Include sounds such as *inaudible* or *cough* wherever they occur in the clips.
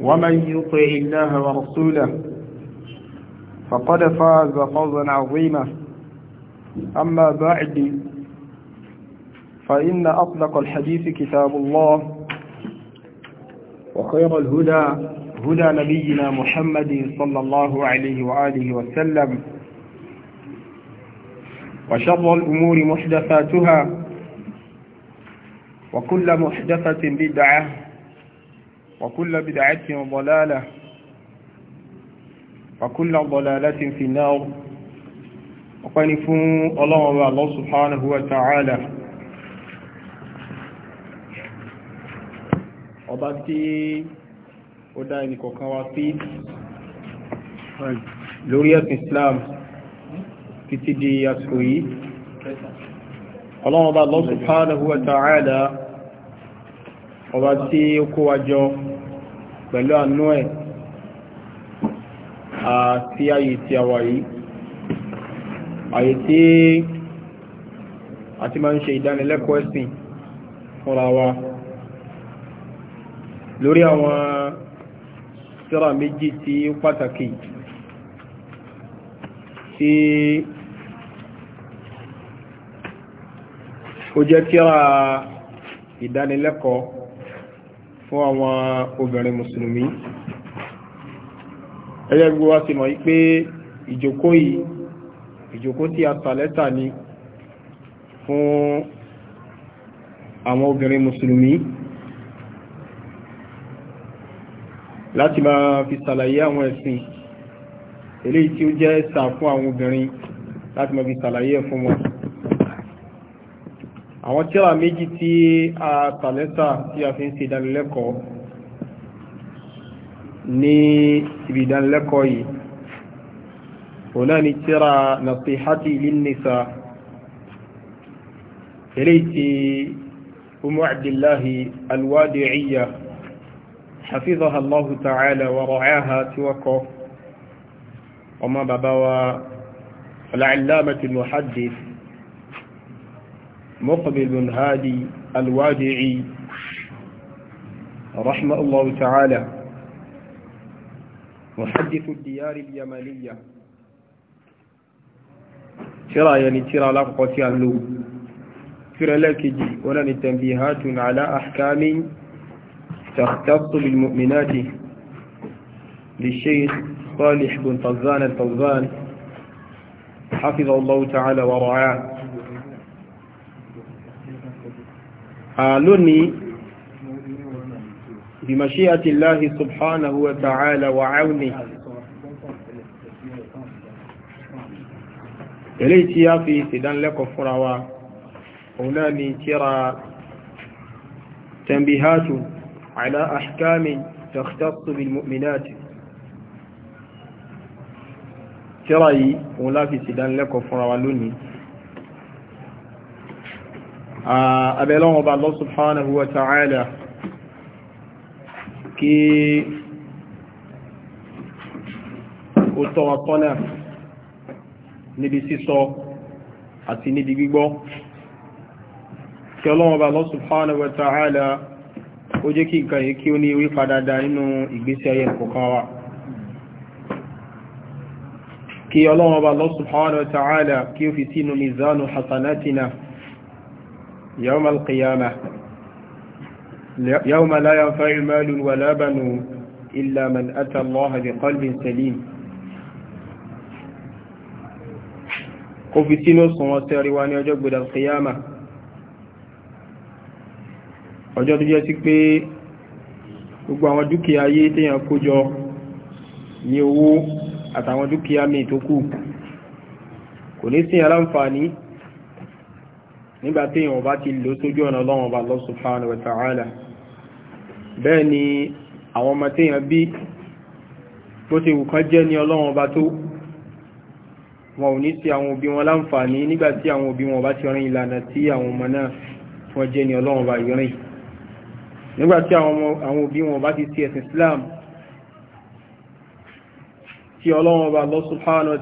ومن يطع الله ورسوله فقد فاز فوزا عظيما أما بعد فإن أطلق الحديث كتاب الله وخير الهدى هدى نبينا محمد صلى الله عليه وآله وسلم وشر الأمور محدثاتها وكل محدثة بدعة وكل بدعة ضلالة وكل ضلالة في النار وقنفوا الله الله سبحانه وتعالى ọba tí ó dá ẹni kọ̀kan wá sí lórí ẹ̀sìn Islam títí di àsìkò yìí ọlọ́run ọba Allah subhanahu wa ta'ala ọba tí ó kó wa jọ pẹ̀lú àánú ẹ̀ àti ayé tí a wà yìí ayé tí a ti máa ń ṣe ìdánilẹ́kọ̀ọ́ ẹ̀sìn fúnra wa lórí àwọn sírà méjì tí ó pàtàkì tí ó jẹ́ kíra ìdánilẹ́kọ̀ọ́ fún àwọn obìnrin mùsùlùmí ẹgbẹ́ gbogbo wa sì mọ̀ wípé ìjòkó yìí ìjòkó tí a tàlẹ́tà ni fún àwọn obìnrin mùsùlùmí láti máa fi ṣàlàyé àwọn ẹ̀sìn eléyìí tí ó jẹ́ ẹ̀sà fún àwọn obìnrin láti máa fi ṣàlàyé ẹ̀ fún wọn àwọn tíra méjì tí a tàlẹ́sà tí a fi ń ṣe ìdánilẹ́kọ̀ọ́ ní ibi ìdánilẹ́kọ̀ọ́ yìí òun náà ni tíra nasihati linnisa eléyìí tí umu abdullahi alwadi'iyya حفظها الله تعالى ورعاها توقف وما بابا العلامة المحدث مقبل هادي الوادعي رحمه الله تعالى محدث الديار اليمنية ترى يعني ترى لقوة اللوم ترى لك ولن تنبيهات على أحكام تختص بالمؤمنات للشيخ صالح بن طزان الطزان حفظه الله تعالى ورعاه lónìí bí mashi'ati Allahi subhanahu wa ta'ala wa auni eléyìí tí a fi ìsìdánlẹ́kọ̀ọ́ fúnra wa òun náà ni tíra tanbihatu ala ahkamin takhtassu bil mu'minat tíra yìí òun láfi ìsìdánlẹ́kọ̀ọ́ fúnra wa lónìí Ah, abẹ́lọ́wọ́ bá Allah subhanahu wa ta'ala kí ó tọ́ wa kọ́nà níbi sísọ àti níbi gbígbọ́ kí ọlọ́wọ́ bá Allah subhanahu wa ta'ala ó jẹ́ kí nǹkan yìí kí ó ní orí padàdà nínú ìgbésí ayé kí ọlọ́wọ́ bá Allah subhanahu wa ta'ala kí ó fi sínú mizanu hasanatina يوم القيامة يوم لا ينفع مال ولا بنون إلا من أتى الله بقلب سليم قفتين الصمات رواني وجب القيامة ọjọ́ tó jẹ́ sí pé gbogbo àwọn dúkìá ayé téèyàn kójọ ní owó àtàwọn dúkìá mi tó kù kò ní sí aláǹfààní nígbà tí èèyàn bá ti lò sójú ọ̀nà Ọlọ́run Ọba Allah subhanahu wa ta'ala bẹ́ẹ̀ ni àwọn ọmọ tí èèyàn bí bó ti wù kán jẹ́ ní Ọlọ́run Ọba tó wọn ò ní sí àwọn òbí wọn láǹfààní nígbà tí àwọn òbí wọn bá ti rìn ìlànà tí àwọn ọmọ náà wọ́n jẹ́ ní Ọlọ́run Ọba ìrìn nígbà àwọn òbí wọn bá ti ti ẹ̀sìn Islam tí Ọlọ́run Ọba Allah subhanahu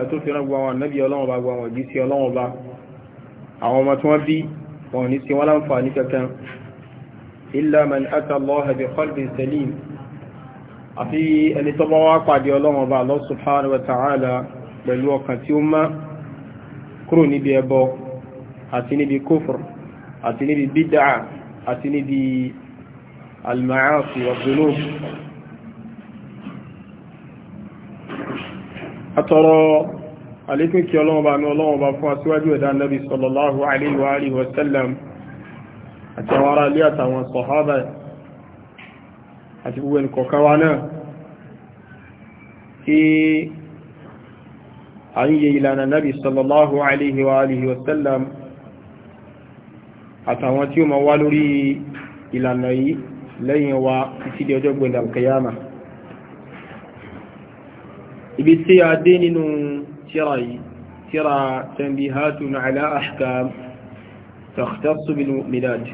wa tó fi rán gbogbo àwọn àwọn ọmọ tí wọ́n bí wọn ní sí wọ́n láǹfààní kankan illa man ata Allah bi qalbin salim àfi ẹni tó bá wá pàdé ọlọ́run ọba Allah subhanahu wa ta'ala pẹ̀lú ọkàn tí ó àlékún kí ọlọ́wọ́ bá ní ọlọ́wọ́ bá fún aṣíwájú ẹ̀dá nabi sallallahu alaihi wa alihi wa sallam àti àwọn ará ilé àtàwọn sọ̀hábà àti gbogbo ẹnìkọ̀ọ̀káwá náà tí a ń yẹ ìlànà nabi sallallahu ó ma wá lórí ìlànà yìí lẹ́yìn wa títí di ọjọ́ gbẹ̀dẹ̀ ibi tí a dé nínú ترى ترى تنبيهات على أحكام تختص بالمؤمنات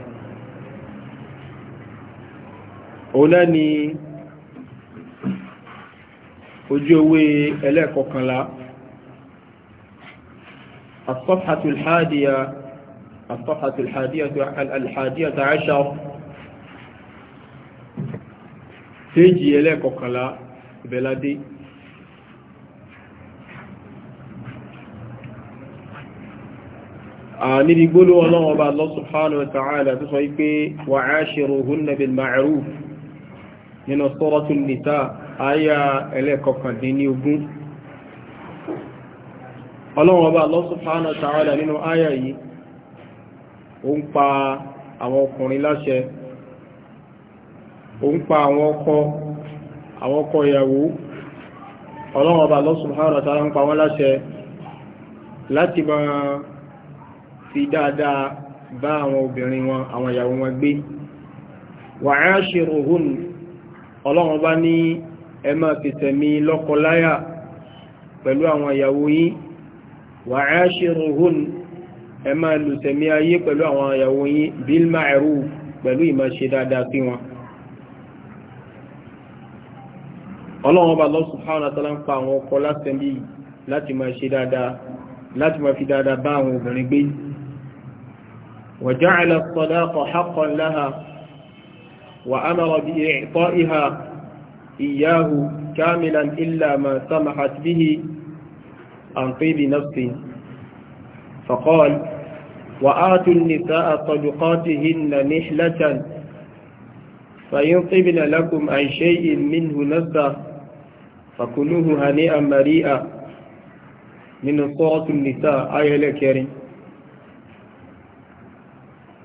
أولاني ni ojú owó الصفحة الحادية الصفحة الحادية الحادية عشر تيجي إليك وقلا بلادي níbi gbóló ọlọ́wọ́ bá Allah subhanahu wa ta'ala tó sọ wípé wa ashiruhunna bil ma'ruf nínú suratul nisa àyà ẹlẹ́kọkàndínlógún ọlọ́wọ́ bá Allah subhanahu wa ta'ala nínú àyà yìí ó ń pa àwọn ọkùnrin láṣẹ ó ń pa àwọn ọkọ ìyàwó ọlọ́wọ́ bá Allah subhanahu wa ń pa wọ́n láṣẹ láti máa fi dáadáa bá àwọn obìnrin wọn àwọn ìyàwó wọn gbé wà á ṣe ròhùn ọlọ́run bá ní ẹ máa pèsèmí lọ́kọláyà pẹ̀lú àwọn ìyàwó yín wà á ṣe ròhùn ẹ máa lùsẹ̀mí ayé pẹ̀lú àwọn ìyàwó yín bil ma'ruf pẹ̀lú ìmọ̀ dáadáa sí wọn ọlọ́run ọba Allah subhanahu wa ń pa àwọn ọkọ láti وجعل الطلاق حقا لها وأمر بإعطائها إياه كاملا إلا ما سمحت به عن طيب نفسه فقال وآتوا النساء صدقاتهن نحلة فإن طبن لكم أي شيء منه نزة فكلوه هنيئا مريئا من صورة النساء آية الكريم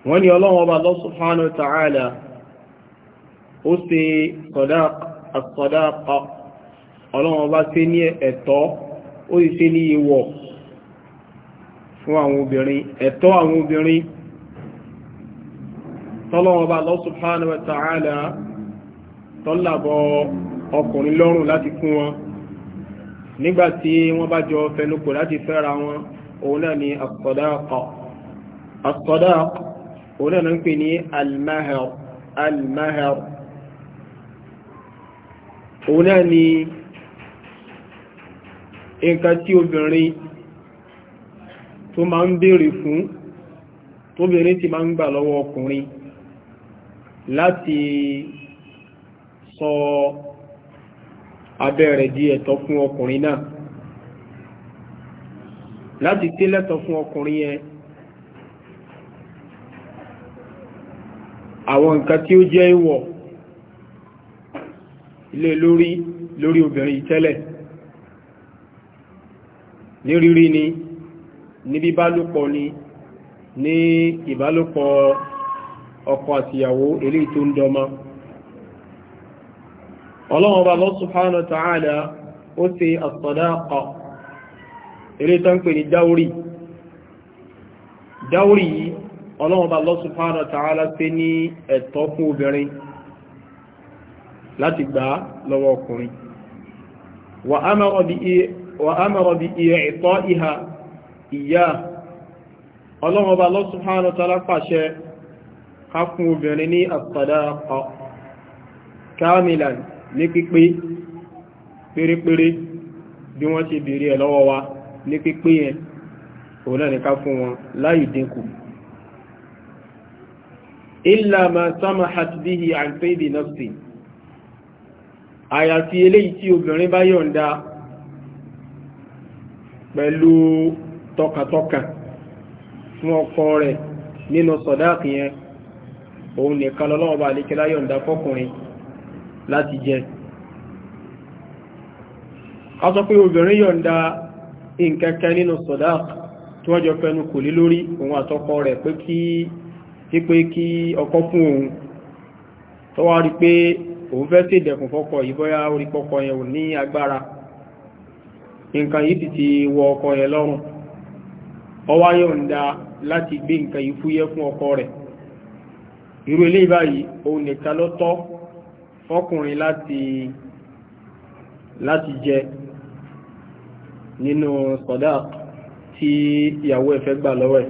wọ́n ní ọlọ́run ọba Allah subhanahu wa ta'ala ó ṣe sọ̀dáàkà ọlọ́run ọba ṣe ní ẹ̀tọ́ ó sì ṣe ní ìwọ̀ fún àwọn obìnrin ẹ̀tọ́ àwọn obìnrin tọ́lọ́run ọba Allah subhanahu wa ta'ala ọkùnrin lọ́rùn láti fún wọn nígbàtí wọ́n bá jọ fẹnukò òun náà ń pè ní almahar almahar òun náà ni nǹkan tí obìnrin tó máa ń béèrè fún tóbìnrin ti máa ń gbà lọ́wọ́ ọkùnrin láti sọ abẹ́ di ẹ̀tọ́ fún ọkùnrin náà láti tí lẹ́tọ̀ fún ọkùnrin yẹn àwọn nǹkan tí ó jẹ́ ìwọ̀ ilé lórí lórí obìnrin tẹ́lẹ̀ ní rírí ni ní bíbálòpọ̀ ni ní ìbálòpọ̀ ọkọ àtìyàwó eléyìí tó ń dọmọ ọlọ́run bá lọ́sùn subhanahu wa ta'ala ó ṣe as-sadaqa eré tán pè ní dáwórì dáwórì yìí ọlọ́run bá Allah tààrà wa pé ní ẹ̀tọ́ fún obìnrin láti gbá lọ́wọ́ ọkùnrin wa amara bi i'ta'iha ìyá ọlọ́run bá Allah subhanahu wa ta'ala pàṣẹ ká fún obìnrin ní as-sadaqa ní pípé pérépéré bí wọ́n bèèrè ẹ̀ lọ́wọ́ wa ní pípé yẹn òun náà ká fún wọn láì dínkù illa ma samahat bihi an saydi nafsi àyàfi eléyìí tí obìnrin bá yọ̀ǹda pẹ̀lú tọkàntọkàn fún ọkọ rẹ̀ nínú sọ̀dáàkì yẹn òun nìkan lọ́lọ́wọ́ bá alékẹ́lá yonda fọ́kùnrin lati jẹ a sọ pé obìnrin yọ̀ǹda nkẹ́kẹ́ nínú sọ̀dáàkì tí wọ́n jọ fẹ́nu kò lé lórí òun àtọkọ rẹ̀ pé kí pé kí ọkọ fún òun tó wá rí pé òun fẹ́ sí ìdẹ̀kùn fọ́kọ yìí bóyá orí pọ́kọ yẹn ò ní agbára nǹkan yìí sì ti wọ ọkọ yẹn lọ́rùn ó wá yọ̀ǹda láti gbé nǹkan yìí fúyẹ́ fún ọkọ rẹ̀ irú eléyìí báyìí òun nìkan ló tọ́ fọ́kùnrin láti láti jẹ nínú sọ̀dá tí ìyàwó ẹ̀ gbà lọ́wọ́ ẹ̀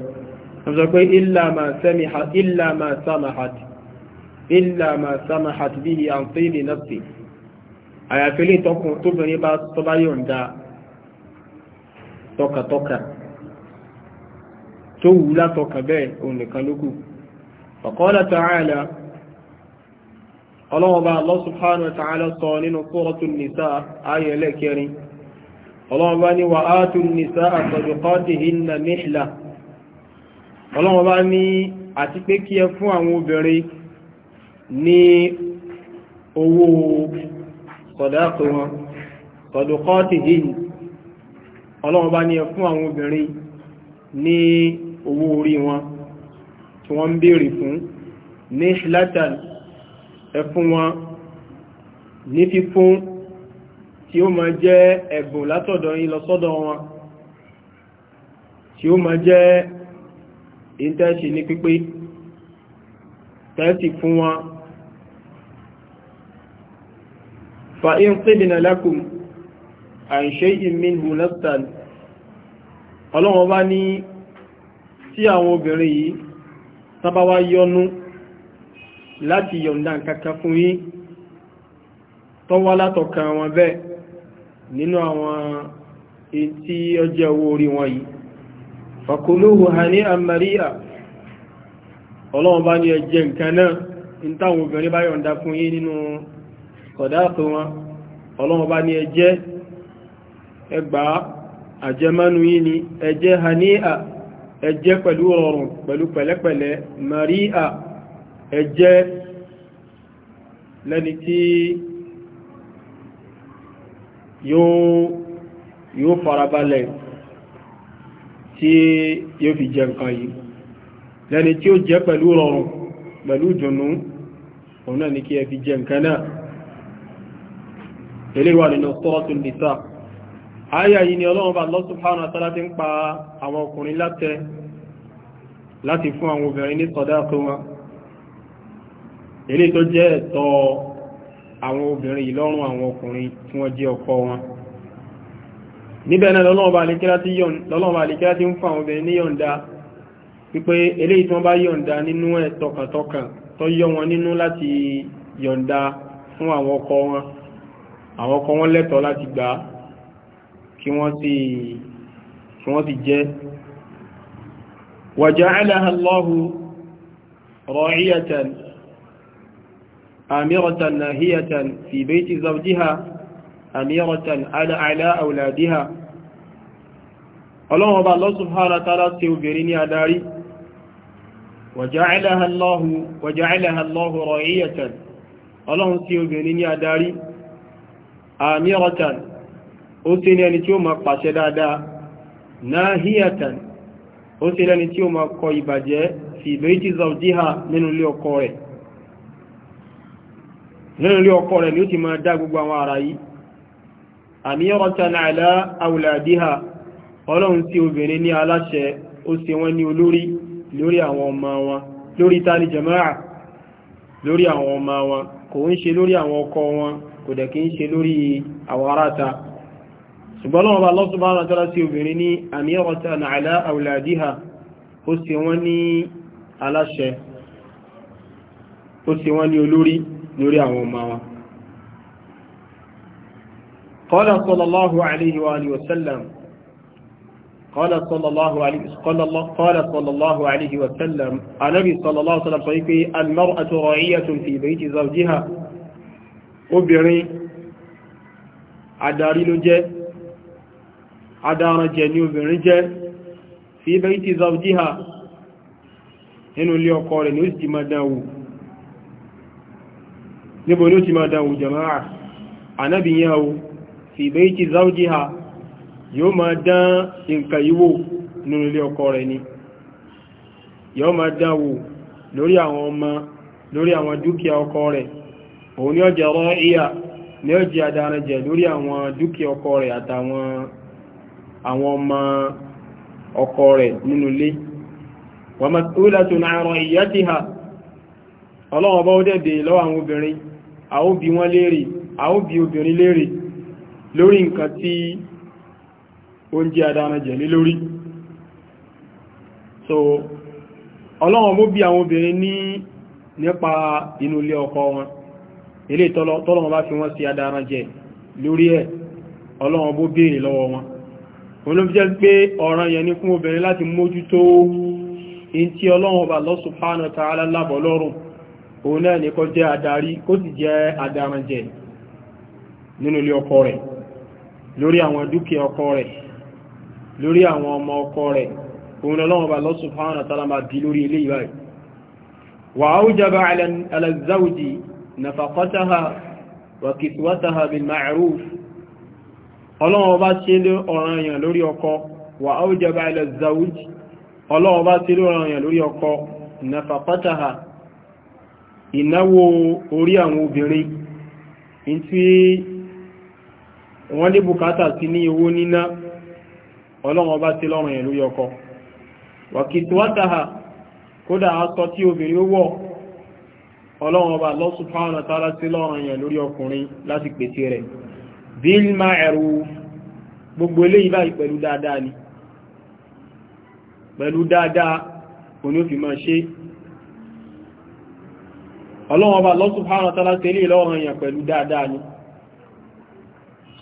sọ pé illa ma samahat bihi an tili nafsi àyàfi lè tọkùn tóbìnrin bá tọ́bá yọ̀ǹda tọkàtọkà tó wù látọkà bẹ́ẹ̀ òun nìkan lókù faqala ta'ala ọlọ́wọ́ba Allah subhanahu wa ta'ala sọ nínú suratu nìsá ayẹ̀lẹ́kẹrin ọlọ́wọ́ba ni ọlọ́wọ́n bá ní àti pé kí ẹ fún àwọn obìnrin ní owó sọ̀dáàkì wọn sọ̀dọ̀kọ́tì hìn ọlọ́wọ́n bá ní ẹ fún àwọn obìnrin ní owó orí wọn tí wọ́n ń béèrè fún ní ṣílátà ẹ fún wọn ní fífún tí ó máa jẹ́ ẹ̀bùn látọ̀dọ̀ yín lọ sọ́dọ̀ wọn tí ó máa jẹ́ ìtẹ́ẹ̀ṣì ní pípé tẹ́ẹ̀sì fún wọn fa in qidna lakum an shay'in minhu nafsan ọlọ́wọ́n bá ní tí àwọn obìnrin yìí sábá wá yọnu láti yọ̀ǹda kankan fún yín tó wá wọn bẹ́ẹ̀ nínú àwọn èyí tí owó orí wọn yìí fàkólóhù hàníà maria ọlọ́run bá ní ẹjẹ nǹkan náà in táwọn obìnrin bá yọ̀nda fún yín nínú kọ̀dáàkì wọn ọlọ́run bá ní ẹgbà àjẹmánu ni ẹjẹ hàníà ẹjẹ pẹ̀lú rọrùn pẹ̀lú pẹ̀lẹ́pẹ̀lẹ́ maria ẹjẹ lẹ́ni tí yóò farabalẹ̀ tí yóò fi jẹ nǹkan yìí lẹ́ni tí ó jẹ́ pẹ̀lú rọrùn pẹ̀lú ìdùnnú òun náà ni kí ẹ fi jẹ nǹkan náà eléyìí nínú Suratul Nisa ayà yìí ni ọlọ́run bá Allah subhanahu wa ta'ala ti ń pa àwọn ọkùnrin látẹ láti fún àwọn obìnrin ní sàdáàkì wọn eléyìí tó jẹ́ ẹ̀tọ́ àwọn obìnrin ìlọ́run àwọn ọkùnrin tí wọ́n jẹ́ ọkọ wọn níbẹ̀ náà lọ́lọ́ọ̀bà àlekẹ́lá ti ń fún àwọn obìnrin ní yọ̀ǹda wípé eléyìí tí wọ́n bá yọ̀ǹda nínú ẹ̀ tọkàntọkàn tó yọ wọn nínú láti yọ̀ǹda fún àwọn ọkọ wọn àwọn ọkọ wọn lẹ́tọ̀ọ́ láti gbà kí wọ́n sì jẹ́ waja'alaha أميرة على على أولادها ọlọ́run ọba Allah subhanahu wa ta'ala tí obìnrin ní adarí waja'alaha Allahu ra'iyatan ọlọ́run tí obìnrin ní adarí amiratan ó tí ní ẹni tí ó ma pàṣẹ dáadáa nahiyatan ó tí lẹ́ni tí ó ma kọ ìbàjẹ́ fi bayti nínú ilé ọkọ rẹ̀ nínú ó ti ma dá gbogbo àwọn ara yìí àmírọ̀tàn àlá àwùlàdíhà ọlọ́run tí obìnrin ní aláṣẹ ó ṣe wọ́n ní olórí lórí àwọn ọmọ wọn lórí tàní jama'a lórí àwọn ọmọ wọn kò ń ṣe lórí àwọn ọkọ wọn kò dẹ̀ ń ṣe lórí àwọn ṣùgbọ́n lórí àwọn ọmọ قال صلى الله عليه وآله وسلم قال صلى الله عليه قال الله قال صلى الله عليه وسلم النبي صلى الله عليه وسلم صيفي المرأة راعية في بيت زوجها obìnrin adarí ló jẹ́ adarànjẹ ni obìnrin jẹ́ fi bayti zawjiha nínú ilé ọkọ داو ni ó sì máa dánwò níbo ni fi bayti ha yóò ma dán nǹkan yìí nínú ilé ọkọ rẹ̀ ni yóò ma dán wò lórí àwọn ọmọ lórí àwọn dúkìá ọkọ rẹ̀ òun ni ó jẹ́ ra'iya ni ó jẹ́ lórí àwọn dúkìá ọkọ rẹ̀ àtàwọn àwọn ọmọ ọkọ rẹ̀ nínú ilé ọlọ́wọ́ bá ó dẹ̀ dè lọ́wọ́ àwọn lórí nǹkan tí oúnjẹ adára jẹ̀lé lórí so ọlọ́wọ̀n mú bí àwọn obìnrin ní nípa inú ilé ọkọ wọn ilé tọ́lọ́wọ́n bá fi wọ́n sí adára jẹ lórí ẹ̀ ọlọ́wọ̀n bó béèrè lọ́wọ́ wọn wọn ló fi jẹ́ pé ọ̀ràn yẹn ni fún obìnrin láti mójútó in tí ọlọ́wọ̀n bá lọ́ subhanahu wa lábọ̀ lọ́rùn òun náà ní kó jẹ́ adarí kó sì jẹ́ adára jẹ nínú ilé ọkọ rẹ̀ lórí àwọn dúkìá ọkọ rẹ̀ lórí àwọn ọmọ ọkọ rẹ̀ òun lọ́wọ́ bá Allah subhanahu wa máa bí lórí ilé wa ala na nafaqataha wa kiswataha bil ma'ruf ọlọ́wọ́ bá ṣe ọ̀ràn lórí ọkọ wa awjaba ala ọkọ nafaqataha ìnáwó orí àwọn obìnrin wọ́n ní bùkátà sí ní owó níná ọlọ́run ọba sí lọ́rùn yẹn lórí ọkọ wàkìtì wátàhà kódà aṣọ tí obìnrin ó wọ̀ ọlọ́run ọba Allah subhanahu wa ta'ala sí lọ́rùn yẹn lórí ọkùnrin láti pèsè rẹ̀ bil ma'ruf gbogbo eléyìí báyìí pẹ̀lú dáadáa ni pẹ̀lú dáadáa subhanahu wa ta'ala sí lọ́rùn yẹn pẹ̀lú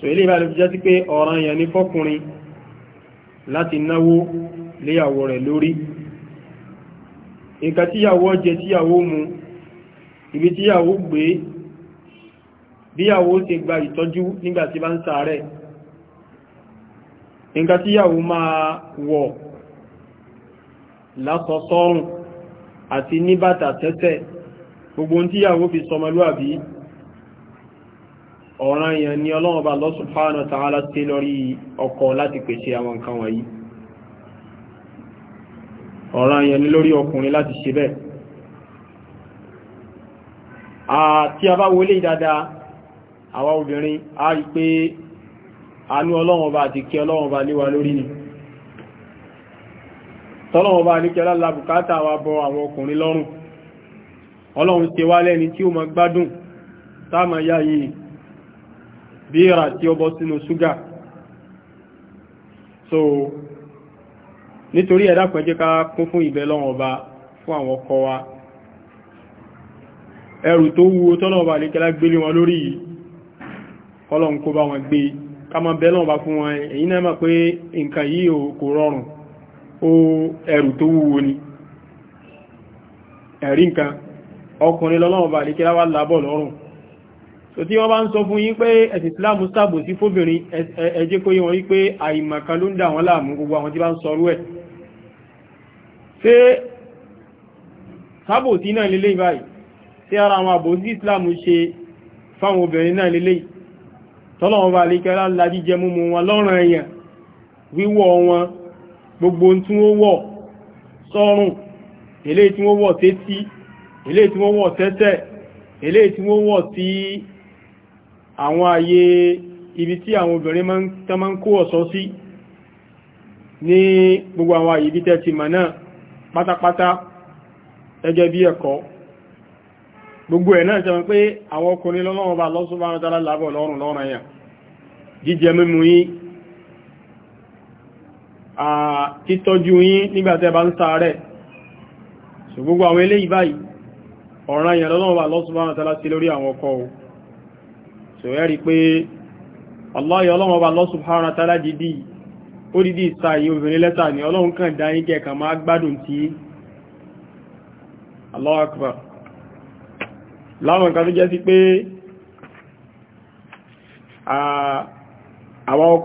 so ilé ìbá ló fi jẹ́ sí pé ọ̀ràn èèyàn ní fọ́kùnrin láti náwó léyàwó rẹ̀ lórí nǹkan tíyàwó jẹ tíyàwó mu ibi tíyàwó gbé bíyàwó ṣe gba ìtọ́jú nígbà tí bá ń ṣàárẹ̀ nǹkan tíyàwó máa wọ̀ lásọsọ́rùn àti ní tẹ́tẹ́ gbogbo tíyàwó fi sọmọlúàbí ọ̀ràn yẹn ni ọlọ́run bá Allah subhanahu wa ta'ala sí lórí ọkọ láti pèsè àwọn nǹkan wọ̀nyí ọ̀ràn yẹn ni lórí ọkùnrin láti ṣe bẹ́ẹ̀ àti a bá wọlé dáadáa àwa obìnrin a rí pé anú ọlọ́run bá àti kí ọlọ́run bá léwa lórí ni tọ́lọ́run bá ní kí ọlá bùkátà wa bọ àwọn ọkùnrin bí ti tí ó bọ́ sínú so nítorí ẹ̀dá pẹ̀jẹ́ ká kún fún ìbẹ̀ lọ́wọ́ fún àwọn ọkọ wa ẹrù tó wúwo tọ́lọ̀ ọba àlékẹ́lá gbélé wọn lórí ọlọ́run wọn gbé ká bẹ́ lọ́wọ́ fún wọn èyí náà mọ̀ pé nǹkan kò rọrùn ó ẹrù tó wúwo ni ẹ̀rí nǹkan ọkùnrin so tí wọ́n bá ń sọ fún yín pé ẹ̀sìn islamu sábò sí fóbìnrin ẹ jẹ́ kó yé wọn wípé àìmọ̀kan ló ń dà wọ́n láàmú gbogbo àwọn tí bá ń sọrú ẹ̀ ṣé sábò sí náà lélẹ́ báyìí tí ara àwọn àbò sí islamu ṣe fáwọn obìnrin náà lélẹ́ tọ́lọ́wọ́n àwọn àyè ibi tí àwọn obìnrin tán máa ń kó ọ̀ṣọ́ sí ní gbogbo àwọn àyè ibi tẹ́ ti mọ̀ náà pátápátá ẹgẹ́ bí ẹ̀kọ́ gbogbo ẹ̀ náà jẹ́ pé àwọn ọkùnrin lọ́lọ́wọ́ bá lọ́sùn bá rántà lábọ̀ lọ́rùn lọ́rùn ẹ̀yà jíjẹ mímu yín títọ́jú yín nígbàtẹ́ bá ń so ẹ́rí pé Allah ọlọ́run ọba Allah subhanahu wa ta'ala dìdí ó dìdí ìsáyí obìnrin lẹ́ta ni ọlọ́run kàn dá ní kẹkà máa gbádùn tí Allahu akbar láwọn nǹkan tó jẹ́ sí pé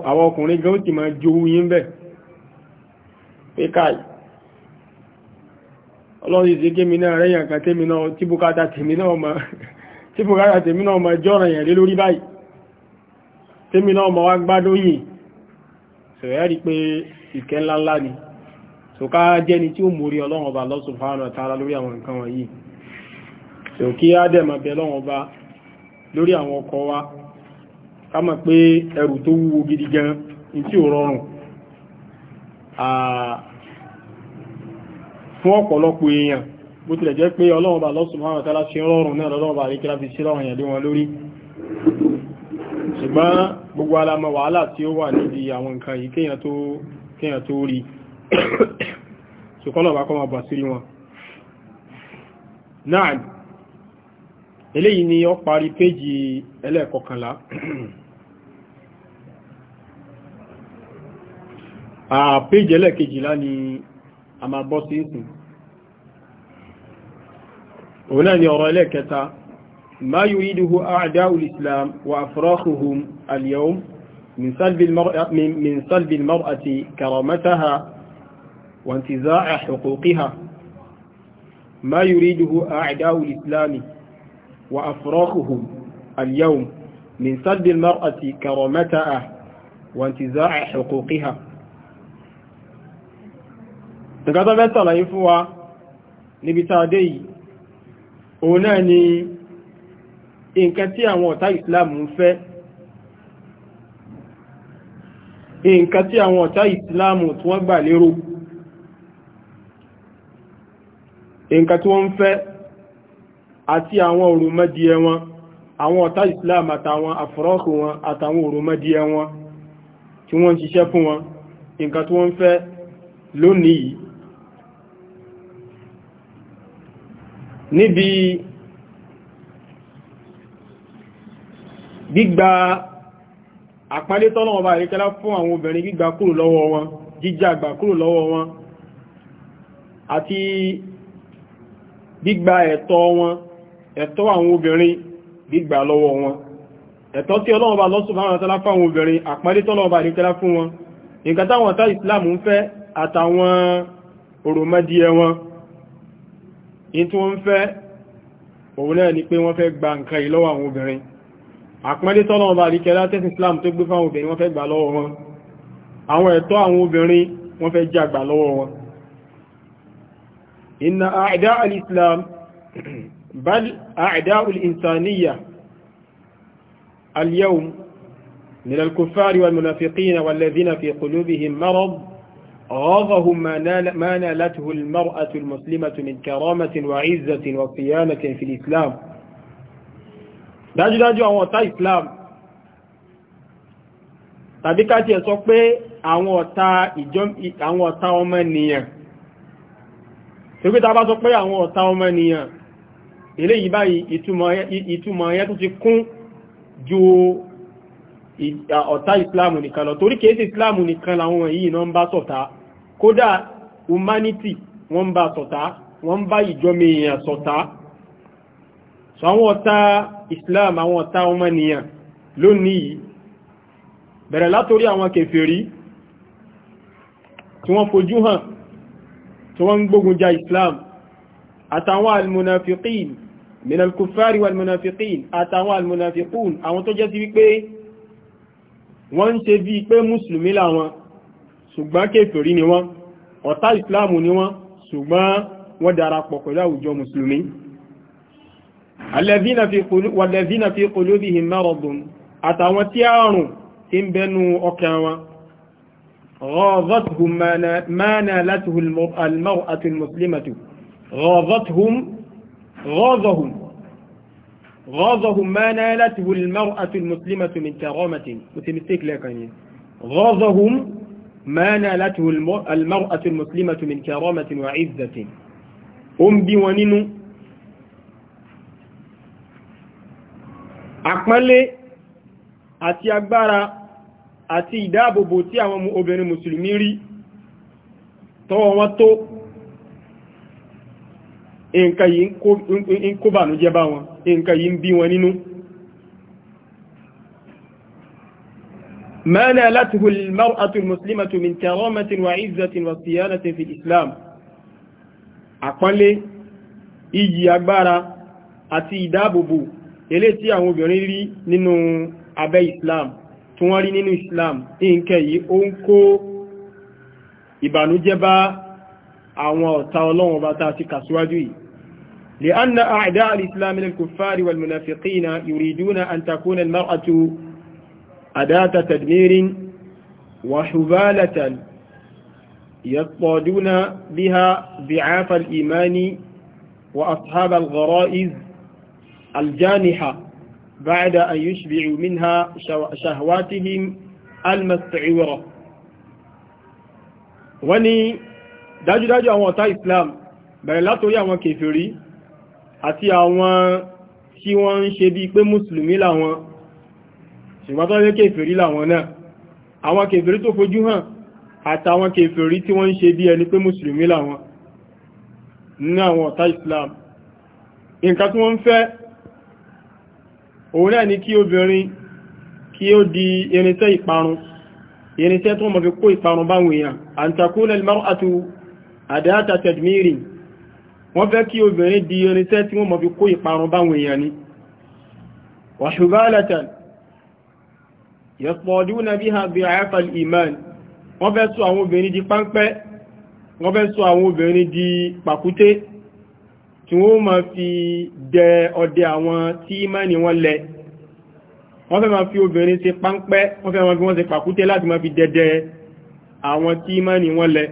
àwọn ọkùnrin gan ti máa jowú yín bẹ̀ ọlọ́run ìsẹ́gẹ́mi náà rẹ̀yàn kan tí bùkátà tẹ́mi náà máa tí bùkátà tèmi náà mọ ẹjọ́ ọ̀rọ̀ yẹn lórí báyìí tèmi náà mọ wá gbádùn yìí sọ̀rọ̀ rí pé ìkẹ́ ńláńlá ni sọ̀ká jẹ́ni tí ó mórí ọlọ́run ọba Allah subhanahu wa ta'ala lórí àwọn nǹkan wọ̀nyí sọ kí á dẹ̀ máa bẹ lọ́run ọba lórí àwọn ọkọ wa ká mọ̀ pé ẹrù tó wúwo gidi gan ní tí ò bó tilẹ̀ jẹ́ pé ọlọ́run bá lọ́sùn máa tẹ́lá ṣe rọrùn náà lọ́lọ́run bá rí kí láti ṣíra ọ̀yàn lé wọn lórí ṣùgbọ́n gbogbo alamọ wàhálà tí ó wà níbi àwọn nǹkan yìí kéèyàn tó rí ṣùkọ́lọ̀ bá kọ́ máa bà sí wọn náà eléyìí ni ó parí péjì ẹlẹ́ẹ̀kọkànlá péjì ẹlẹ́ẹ̀kejìlá ni a máa bọ́ sí ìsìn هنا يرى لك ما يريده أعداء الإسلام وأفراخهم اليوم من سلب المرأة, من سلب المرأة كرامتها وانتزاع حقوقها ما يريده أعداء الإسلام وأفراخهم اليوم من سلب المرأة كرامتها وانتزاع حقوقها نقدم أنت لا òun náà ni nǹkan tí àwọn ọ̀tá islam ń fẹ́ nǹkan tí àwọn ọ̀tá islam tí wọ́n gbà lérò nǹkan tí wọ́n ń fẹ́ àti àwọn òrùmọdìẹ wọn àwọn ọ̀tá islam àtàwọn àfọ́rọ́kù wọn àtàwọn òrùmọdìẹ wọn tí wọ́n ń ṣiṣẹ́ fún wọn nǹkan tí wọ́n ń fẹ́ lónìí níbi gbígba àpálẹ́ tọ́lọ́wọ́ bá ìrẹ́kẹ́lá fún àwọn obìnrin gbígba kúrò lọ́wọ́ wọn jíjàgbà kúrò lọ́wọ́ wọn àti gbígba ẹ̀tọ́ wọn ẹ̀tọ́ àwọn obìnrin gbígba lọ́wọ́ wọn ẹ̀tọ́ tí Ọlọ́run bá lọ́sùn fáwọn àtàlá fáwọn obìnrin àpálẹ́ tọ́lọ́run bá ìrẹ́kẹ́lá fún wọn nǹkan táwọn ọ̀tá ìsìláàmù ń fẹ́ àtàwọn in tí wọ́n fẹ́ òun náà ni pé wọ́n fẹ́ gba nǹkan yìí lọ́wọ́ àwọn obìnrin àpẹẹlẹ tọ́lọ̀ ọba àríkẹ́ látẹ́sì Islam tó gbé fáwọn obìnrin wọ́n fẹ́ gbà lọ́wọ́ wọn àwọn ẹ̀tọ́ àwọn obìnrin wọ́n fẹ́ já gbà lọ́wọ́ wọn غاضه ما, نال ما نالته المرأة المسلمة من كرامة وعزة وصيانة في الإسلام dájúdájú àwọn ọ̀tá إسلام. tàbí ká tiẹ̀ sọ pé àwọn ọ̀tá ọmọnìyàn tí ó pé ta bá sọ pé àwọn ọ̀tá ọmọnìyàn eléyìí báyìí ìtumọ̀ ẹ̀yẹ́ tó ti kún ju ọ̀tá Islam nìkan lọ torí kèése Islam nìkan làwọn yìí náà ń bá ṣọ̀tá kódà humanity wọ́n ń bá ṣọ̀tá wọ́n ń bá ìjọmọ èèyàn ṣọ̀tá so àwọn ọ̀tá Islam àwọn ọ̀tá ọmọnìyàn lónìí bẹ̀rẹ̀ látorí àwọn kèfèrí tí wọ́n fojú hàn tí wọ́n gbógun ja Islam àtàwọn almunafiqin min alkufari wal munafiqin àtàwọn almunafiqun àwọn tó jẹ́ sí wípé wọ́n ń ṣe bí pé mùsùlùmí làwọn ṣùgbọ́n kèfèrí ni wọ́n ọ̀tá ìsìláàmù ni wọ́n ṣùgbọ́n wọ́n darapọ̀ pẹ̀lú àwùjọ mùsùlùmí wàlẹ́zínà fi qulubihim maradun àtàwọn tí àrùn ti ń bẹnu ọkàn wọn rọ̀ọ̀zọ́tuhùn mánà látihùn المسلمة من كرامة وتمسك لك غاضهم ما نالته المرأة المسلمة من كرامة وعزة أم بونين àpọ́nlé àti agbára àti ìdáàbòbò tí àwọn obìnrin mùsùlùmí rí tọ́wọ́ wọn tó nǹkan yìí ń kó bànújẹ́ bá wọn nǹkan yìí ń bí wọn nínú ما نالته المرأة المسلمة من كرامة وعزة وصيانة في الإسلام àpọ́nlé iyì agbára àti ìdáàbòbò elé tí àwọn obìnrin rí nínú abẹ́ Islam tí wọ́n rí nínú Islam nǹkan yìí ó ń kó ìbànújẹ́ bá àwọn ọ̀tá Ọlọ́run bá tàà ti kàsíwájú yìí لأن أعداء الإسلام من الكفار والمنافقين يريدون أن تكون المرأة أداة تدمير وحبالة يصطادون بها ضعاف الإيمان وأصحاب الغرائز الجانحة بعد أن يشبع منها شهواتهم المستعورة وني dájúdájú àwọn ọ̀tá Islam bẹ̀rẹ̀ látorí àwọn kèfèrí àti àwọn tí wọ́n ń ṣe bí pé ṣùgbọ́n tó yẹ kèfèrí làwọn náà àwọn kèfèrí tó fojú hàn àtàwọn kèfèrí tí wọ́n ń ṣe bí ẹni pé mùsùlùmí làwọn ní àwọn ọ̀tá Islam nǹkan tí wọ́n ń fẹ́ òun náà ni kí obìnrin kí ó di irinṣẹ́ ìparun irinṣẹ́ tó mọ̀ fi kó ìparun báwọn èèyàn àǹtakúnà al-mar'atu adata tadmiri di irinṣẹ́ tí wọ́n mọ̀ fi kó ìparun báwọn yẹ̀sọ̀ọ̀dúnà bí ha bí àyàfàl iman wọ́n fẹ́ sọ àwọn obìnrin di páńpẹ́ wọ́n fẹ́ sọ àwọn obìnrin di pàkúté tí wọ́n ma fi dẹ ọdẹ àwọn tí imani wọ́n lẹ wọ́n fẹ́ ma fi obìnrin ṣe páńpẹ́ wọ́n fẹ́ ma fi wọ́n ṣe pàkúté láti ma fi dẹdẹ àwọn tí imani wọ́n lẹ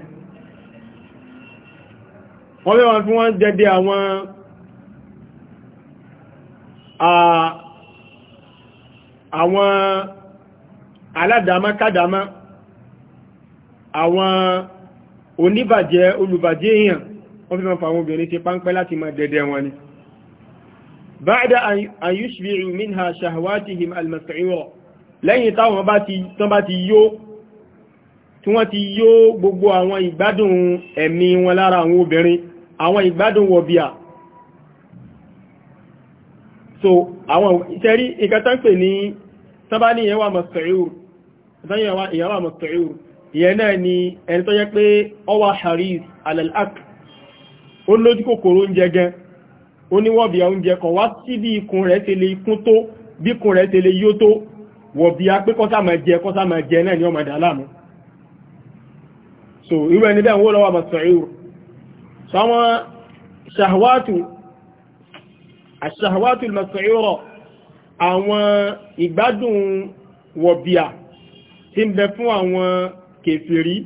wọ́n fẹ́ ma fi wọ́n dẹdẹ àwọn àwọn aládàámákádàámá àwọn oníbàjẹ́ olùbàjẹ́ èèyàn wọ́n fi máa fa àwọn obìnrin ti páńpẹ́ láti máa dẹ̀dẹ̀ wọn ni báadá àyúṣbìrì minha shahwatihim almasiro lẹ́yìn táwọn bá ti yó tí wọ́n ti yó gbogbo àwọn ìgbádùn ẹ̀mí wọn lára àwọn obìnrin àwọn ìgbádùn wọ̀bíà so àwọn ìtẹ́rí ìkàtàpẹ̀ ní sábà ní ẹwà masiro ìyàwó àmọ̀tọ̀rù ìyẹn náà ni ẹni tó yẹ pé ọwà haris alalak ó lójú kòkòrò oúnjẹ gan ó ní wọ̀bìà oúnjẹ kan wá sí bí ikùn rẹ̀ ṣe lè kún tó bí ikùn rẹ̀ ṣe lè yó tó wọ̀bìà pé kọ́sàmọ̀jẹ kọ́sàmọ̀jẹ náà tí ń bẹ fún àwọn kèfèrí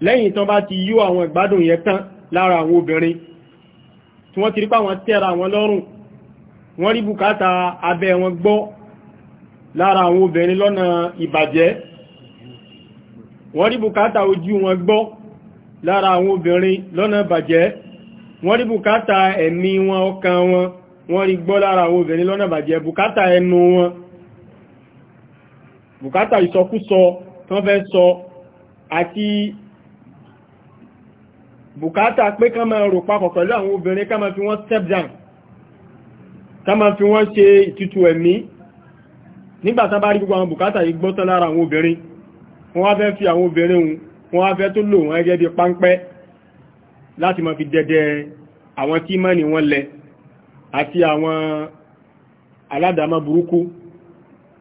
lẹ́yìn tán bá ti yó àwọn ìgbádùn yẹn tán lára àwọn obìnrin tí wọ́n ti rí pàwọn tẹ́ra wọn lọ́rùn wọ́n rí bùkátà abẹ́ wọn gbọ́ lára àwọn obìnrin lọ́nà ìbàjẹ́ wọ́n rí bùkátà ojú wọn gbọ́ lára àwọn obìnrin lọ́nà bàjẹ́ wọ́n rí bùkátà ẹ̀mí wọn ọkàn wọn wọ́n rí gbọ́ lára àwọn obìnrin lọ́nà bàjẹ́ bùkátà ẹnu wọn bùkátà ìsọkúsọ tí wọ́n fẹ́ sọ àti bùkátà pé ká máa rò papọ̀ pẹ̀lú àwọn obìnrin ká máa fi wọ́n step down ká máa fi wọ́n ṣe ìtutù ẹ̀mí nígbàtá bá rí gbogbo àwọn bùkátà yìí gbọ́tọ́ lára àwọn obìnrin wọ́n wá fẹ́ fi àwọn obìnrin wọn wá fẹ́ tó lò wọ́n gẹ́gẹ́ bí páńpẹ́ láti máa fi dẹdẹ àwọn tí mọ́ni wọ́n lẹ àti àwọn aládàmà burúkú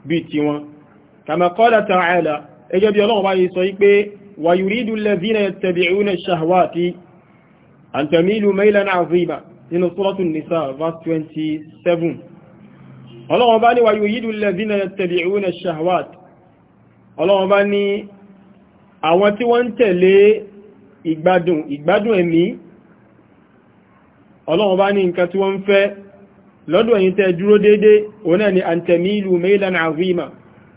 bíi tiwọn kama qala ta'ala ẹgẹ́ bí ọlọ́run bá yìí sọ wípé wa yuridu alladhina yattabi'una ash-shahawati an tamilu maylan 'azima nínú Suratun Nisa verse 27 ọlọ́run bá ní wa yuridu alladhina yattabi'una ash-shahawati ọlọ́run bá ní àwọn tí wọ́n ń tẹ̀lé ìgbádùn ìgbádùn tẹ́ dúró déédéé òun náà ni an tamilu maylan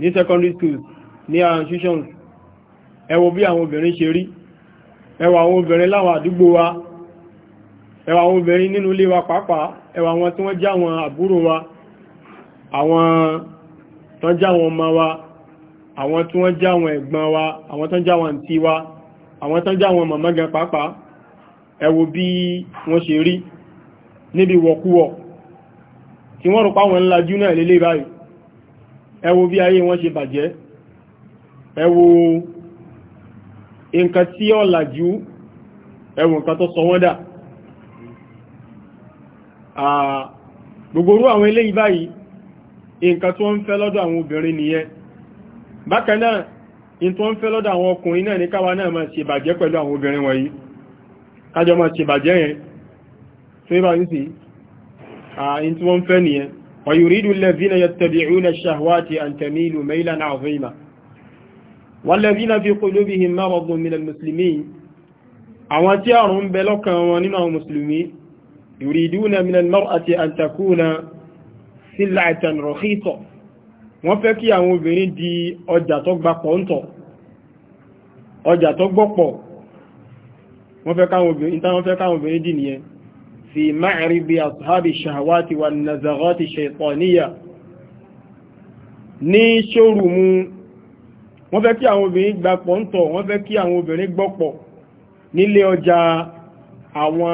ní secondary schools ní àwọn institutions ẹ wo bí àwọn obìnrin ṣe rí ẹ wo àwọn obìnrin láwọn àdúgbò wa ẹ wo àwọn obìnrin nínú ilé wa pàápàá ẹ wo àwọn tí wọ́n já àwọn àbúrò wa àwọn tó já àwọn ọmọ wa àwọn tí wọ́n já àwọn ẹ̀gbọ́n wa àwọn tó já àwọn àǹtí wa àwọn tó já àwọn màmá gan pàápàá ẹ wo bí wọ́n ṣe rí níbi wọ̀kúwọ̀ tí wọ́n rò pá ńlá jú náà lélé báyìí ẹ wo bí ayé wọn ṣe bàjẹ́ ẹ wo nǹkan tí ọ̀làjú ẹ wo nǹkan tó sọ wọ́n dà gbogbo orú àwọn eléyìí báyìí nǹkan tí wọ́n ń fẹ́ lọ́dọ̀ àwọn obìnrin nìyẹn bákan náà in tó ń fẹ́ lọ́dọ̀ àwọn ọkùnrin náà ní káwa náà máa ṣe bàjẹ́ pẹ̀lú àwọn obìnrin wọ̀nyí kájọ máa ṣe bàjẹ́ yẹn tí wọ́n fẹ́ nìyẹn ويريد الذين يتبعون الشهوات أن تميلوا ميلا عظيما والذين في قلوبهم مرض من المسلمين عواتيارهم بلوكا ونمع مسلمين يريدون من المرأة أن تكون سلعة رخيصة وفكي أموبيني دي أجا تقبق أنت أجا تقبق وفكي أموبيني دي نيه في معرض أصحاب الشهوات والنزغات الشيطانية ní ṣòrùmú wọ́n fẹ́ kí àwọn obìnrin gba pọ̀ntọ̀ wọ́n fẹ́ kí àwọn obìnrin gbọ́pọ̀ nílé ọjà àwọn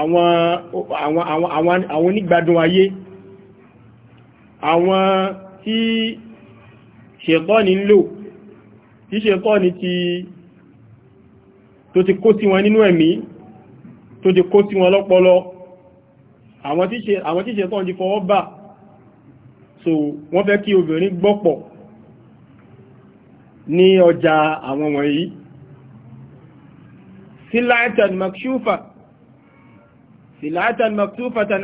àwọn àwọn àwọn onígbádùn ayé àwọn tí ṣètọ́ni ń lò tí ṣètọ́ni ti tó ti kó sí wọn nínú ẹ̀mí tó jẹ kó sí wọn lọ́pọlọ àwọn tí ṣe tán jí fọwọ́ bà so wọ́n fẹ́ kí obìnrin gbọ́pọ̀ ní ọjà àwọn wọ̀nyí síláìtàn makṣúfà síláìtàn makṣúfà tan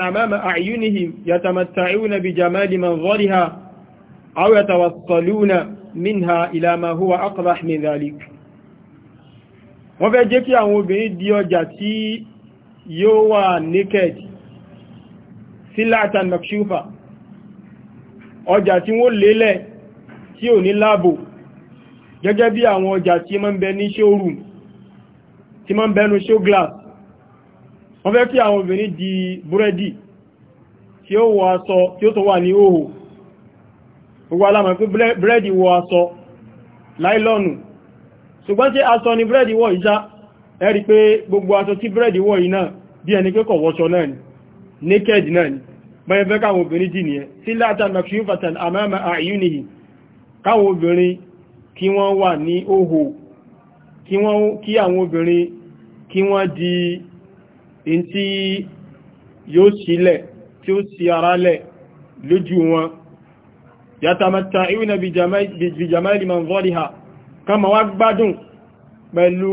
àmàmà minha ila ma huwa aqbah min dhalik wọ́n fẹ́ jẹ́ kí àwọn di ọjà tí yóò wà naked síláàtà makṣúfà ọjà tí wọ́n lélẹ̀ tí ò ní láàbò gẹ́gẹ́ bí àwọn ọjà tí ma ń bẹ ní showroom tí ma ń bẹnu show glass wọ́n fẹ́ kí àwọn obìnrin di búrẹ́dì tí ó wọ aṣọ tí ó tó wà ní òhò gbogbo alamọ̀ pé búrẹ́dì wọ aṣọ láìlọ́nù ṣùgbọ́n tí aṣọ ni búrẹ́dì wọ ìṣá ẹ̀rí pé gbogbo aṣọ tí bírẹ̀dì wọ̀ yìí náà bí ẹni pé kọ̀wọ́ṣọ náà ni naked náà ni bẹ́ẹ̀ fẹ́ káwọn obìnrin dì nìyẹn sí láta makshufatan amama a'yunihi káwọn obìnrin kí wọ́n wà ní òhò kí àwọn obìnrin kí wọ́n di in tí yóò sílẹ̀ tí ó sí ara lẹ̀ lójú wọn yatamatta'una bi jamali manzariha kama wá gbádùn pẹ̀lú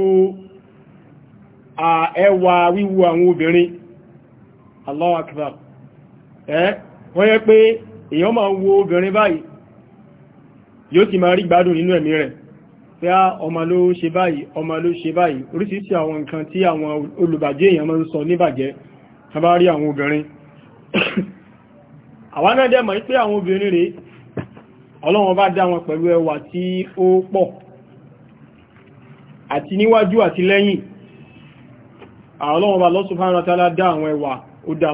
ẹwà wíwu àwọn obìnrin Allahu Akbar ẹ́ wọ́n yẹ pé èyàn máa wo obìnrin báyìí yóò ti máa rí gbádùn nínú ẹ̀mí rẹ̀ pé á ọmọ ló ṣe báyìí ọmọ ló ṣe báyìí oríṣiríṣi àwọn nǹkan tí àwọn olùbàjẹ́ èèyàn máa ń sọ níbàjẹ́ tá bá rí àwọn obìnrin *coughs* àwọn náà lẹ́yìn Allah subhanahu wa ta'ala dá àwọn ẹwà ó dá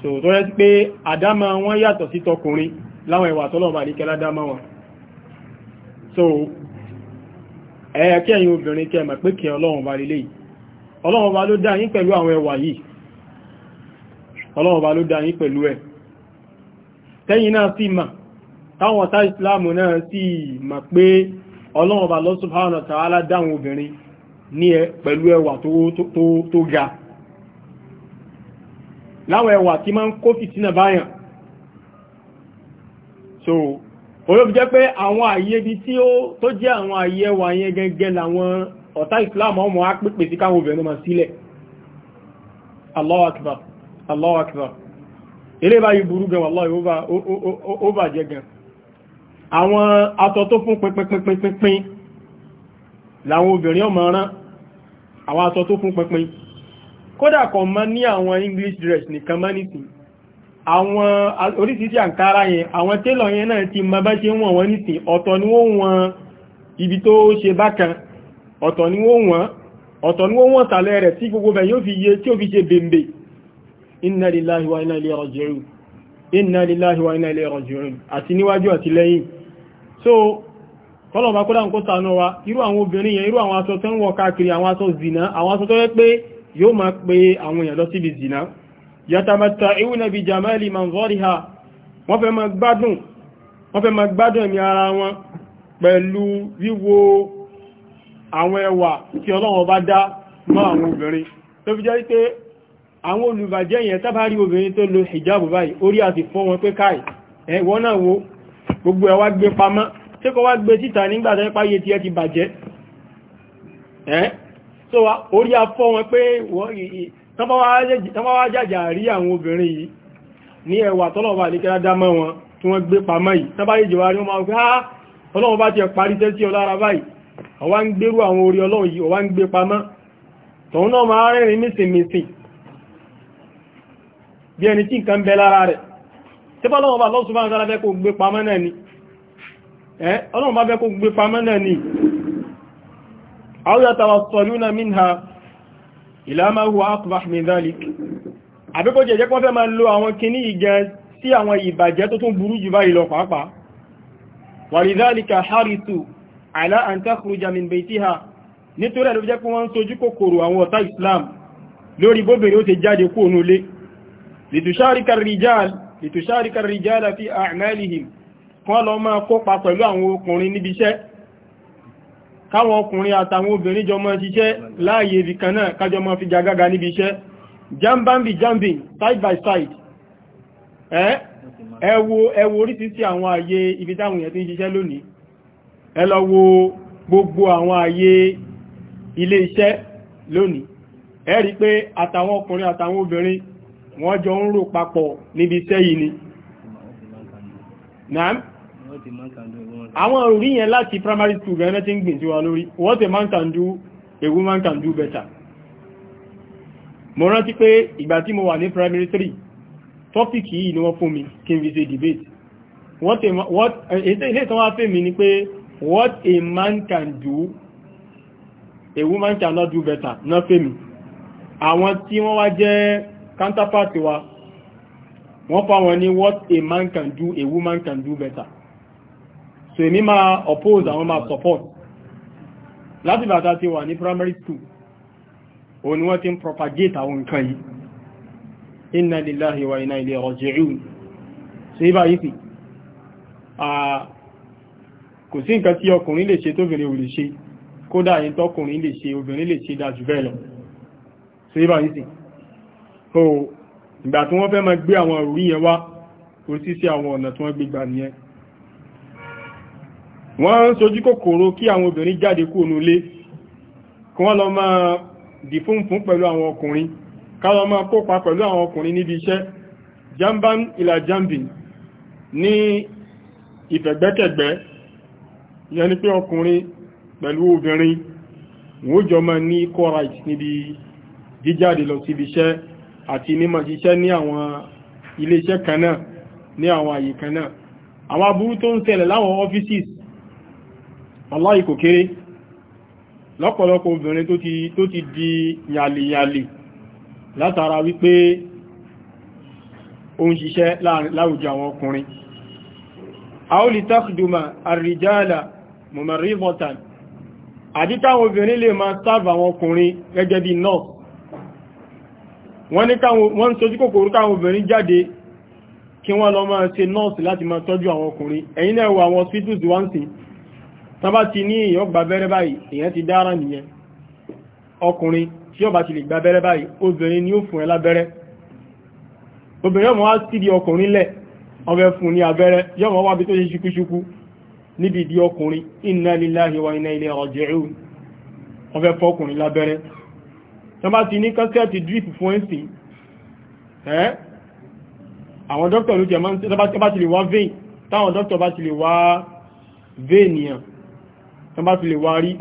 so tó rẹ́ sí pé àdámà wọn yàtọ̀ sí tọkùnrin láwọn so ẹ̀ẹ́kẹ́ ẹ̀yin obìnrin kẹ́ mọ̀ pé kí Ọlọ́run Ọba lélẹ̀ Ọlọ́run Ọba ló dá yín pẹ̀lú àwọn ẹwà yìí Ọlọ́run Ọba ló dá yín pẹ̀lú ẹ̀ tẹ́yìn náà sì mà táwọn ọ̀tá ìsìláàmù náà sì mà pé Ọlọ́run Ọba Allah subhanahu wa ta'ala obìnrin ní ẹ pẹ̀lú ẹwà tó ga láwọn ẹwà tí máa ń kó fìtínà báyàn so olóòfin jẹ́ pé àwọn àyè bí tí ó tó jẹ́ àwọn àyè ẹwà yẹn gẹ́gẹ́ làwọn ọ̀tá ìsìláàmù ọmọ á pípè sí káwọn obìnrin máa sílẹ̀ Allahu akbar Allahu akbar ilé báyìí burú gan wallahi ó bà jẹ́ gan àwọn atọ tó fún pínpínpínpín láwọn obìnrin ọmọ rán àwọn aṣọ tó fún pínpín kódà kan mọ́ ní àwọn english dress nìkan mọ́ nìsìn àwọn oríṣiríṣi àǹkárá yẹn àwọn télọ̀ yẹn náà ti mọ bá ṣe wọ̀n wọ́n nìsìn ọ̀tọ̀ ni wọ́n wọ̀n ibi tó ṣe bákan ọ̀tọ̀ ni wọ́n wọ̀n ọ̀tọ̀ ni wọ́n wọ̀n sàlẹ̀ rẹ̀ tí gbogbo bẹ̀ yóò fi yẹ tí ó fi ṣe bèm̀bè inna lillahi wa inna ilayhi so kọ́lọ̀ bá kódà ń kó sànú wa irú àwọn obìnrin yẹn irú àwọn aṣọ tẹ́ ń wọ káàkiri àwọn aṣọ zìnà àwọn aṣọ tó yẹ pé yóò máa pe àwọn èèyàn lọ síbi zìnà yàtàmàtà ìwú nàbí jamali manzoriha wọ́n fẹ́ máa gbádùn wọ́n fẹ́ máa gbádùn ẹ̀mí ara wọn pẹ̀lú wíwo àwọn ẹwà tí ọlọ́wọ́ bá dá mọ́ àwọn obìnrin gbogbo ẹwà gbé pamọ́ tí kọ wá gbé títà nígbàtà nípa iye tí ẹ ti bàjẹ́ ẹ́ so orí afọ́ wọn pé tọ́báwá jàjà rí àwọn obìnrin yìí ní ẹwà tọ́lọ̀wà àlékẹ́lá dámọ́ wọn tí wọ́n gbé pamọ́ yìí tọ́báyé jẹ́ wá rí wọn máa gbé áá ọlọ́run bá ti parí tẹ́ sí ọlára báyìí ọwá ń gbérú àwọn orí ọlọ́run yìí ọwá ń gbé pamọ́ tọ́hún náà máa rẹ́rìn mísìmísì bí ẹni tí nǹkan bẹ lára rẹ̀ tí bọ́lọ́wọ́ bá lọ́sùn bá ń gbé pamọ́ náà ni Eh, ọlọ́run bá fẹ́ kó gbé pamọ́ náà ni aw yatawassaluna minha ila ma huwa aqbah min dhalik àbíkó jẹ́ jẹ́ pọ́n fẹ́ máa lo àwọn kìíní ìgẹ́ sí àwọn ìbàjẹ́ tó tún burú jù báyìí lọ pàápàá walidhalika harisu ala an takhruja min baytiha kán lọ máa kópa pẹ̀lú àwọn ọkùnrin níbi iṣẹ́ káwọn ọkùnrin àtàwọn obìnrin jọ máa ṣiṣẹ́ láàyè ibì kan náà kájọ máa fi jagaga níbi iṣẹ́ jambambi jambi side by side ẹ wo ẹ wo oríṣiríṣi àwọn ààyè ibi táwọn èèyàn ti ń ṣiṣẹ́ lónìí ẹ lọ wo gbogbo àwọn ààyè ilé iṣẹ́ lónìí ẹ rí pé àtàwọn ọkùnrin àtàwọn obìnrin wọ́n jọ ń rò papọ̀ níbi iṣẹ́ yìí ni. Naam àwọn òrí yẹn láti primary school gẹ́gẹ́ tí ń gbìn tí wà lórí what a man can do a woman can do better mo rántí pé ìgbà tí mo wà ní primary three tọ́pìkì yìí ni wọ́n fún mi kí n fi debate what a what ilé ìtàn wá fẹ́ mi ni pé what a man can do a woman cannot do better náà fẹ́ mi àwọn tí wọ́n wá jẹ́ counterpart wa wọ́n fáwọn ní what a man can do a woman can do better so èmi máa oppose àwọn máa support láti bàtà ti wà ní primary school o ni wọ́n ti propagate àwọn nǹkan yìí inna lillahi wa inna ilayhi raji'un so ibá yìí fi kò sí nǹkan tí ọkùnrin lè ṣe tóbìnrin ò lè ṣe kódà yìí tọkùnrin lè ṣe obìnrin lè ṣe dájú bẹ́ẹ̀ lọ so ibá yìí fi so ìgbà tí wọ́n fẹ́ máa gbé àwọn orí yẹn wá orí sí àwọn ọ̀nà tí wọ́n gbé gbà nìyẹn wọ́n ń sojú kòkòrò kí àwọn obìnrin jáde kú ònú ilé kí wọ́n lọ máa dì fún fún pẹ̀lú àwọn ọkùnrin ká lọ máa kópa pẹ̀lú àwọn ọkùnrin níbi iṣẹ́ jamban ila jambin ní ìfẹ̀gbẹ́kẹ̀gbẹ́ yẹni pé ọkùnrin pẹ̀lú obìnrin wọ́n jọ máa ní corite níbi jíjáde lọ síbi iṣẹ́ àti nímọ̀ ṣiṣẹ́ ní àwọn iléeṣẹ́ kan náà ní àwọn àyè kan náà àwọn aburú tó ń ṣẹlẹ̀ láwọn offices Allah kò kéré lọ́pọ̀lọpọ̀ obìnrin tó ti di yàlìyàlì látara wípé ó ń ṣiṣẹ́ láwùjọ àwọn ọkùnrin aw li takhduma ar-rijala mumarridatan àdítàwọn obìnrin lè máa sáàbà àwọn ọkùnrin gẹ́gẹ́ bí náà wọ́n ní wọ́n sojú kòkòrò káwọn obìnrin jáde kí wọ́n lọ máa ṣe nọ́ọ̀sì láti máa tọ́jú àwọn ọkùnrin ẹ̀yin náà wọ àwọn hospitals wáǹsìn tàbá ti ní èyàn gba abẹ́rẹ́ báyìí èyàn ti dára nìyẹn ọkùnrin tí ó bá ti lè gba abẹ́rẹ́ báyìí obìnrin ni ó fún ẹ lábẹ́rẹ́ obìnrin ọmọ wá sí di ọkùnrin lẹ̀ ọbẹ̀ fún ní abẹ́rẹ́ yọ́ mọ́ wá bí tó ṣe ṣukúṣukú níbi ìdí ọkùnrin inna lillahi wa inna ilayhi raji'un ọbẹ̀ fọkùnrin lábẹ́rẹ́ tàbá ti ní kọ́sẹ́ẹ̀tì drip fún ẹ̀sìn ẹ́ àwọn dókítà ló jẹ́ máa tán bá fi lè wá rí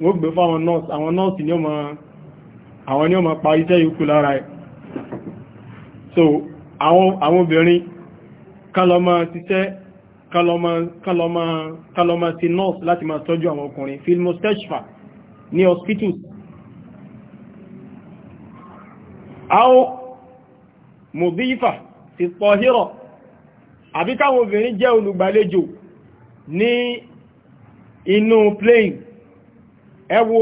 wọ́n gbé fáwọn nọ́ọ̀sì àwọn nọ́ọ̀sì ni ó ma àwọn ni ó ma pa iṣẹ́ yòókù lára ẹ̀ so àwọn obìnrin kálọ́mà ti nọ́ọ̀sì láti máa tọ́jú àwọn ọkùnrin filmostechfa ní hospital àwọn mùdífà ti pọ̀ hírọ̀ àbíkáwọn obìnrin jẹ́ olùgbàlejò ní inú plane ẹ wo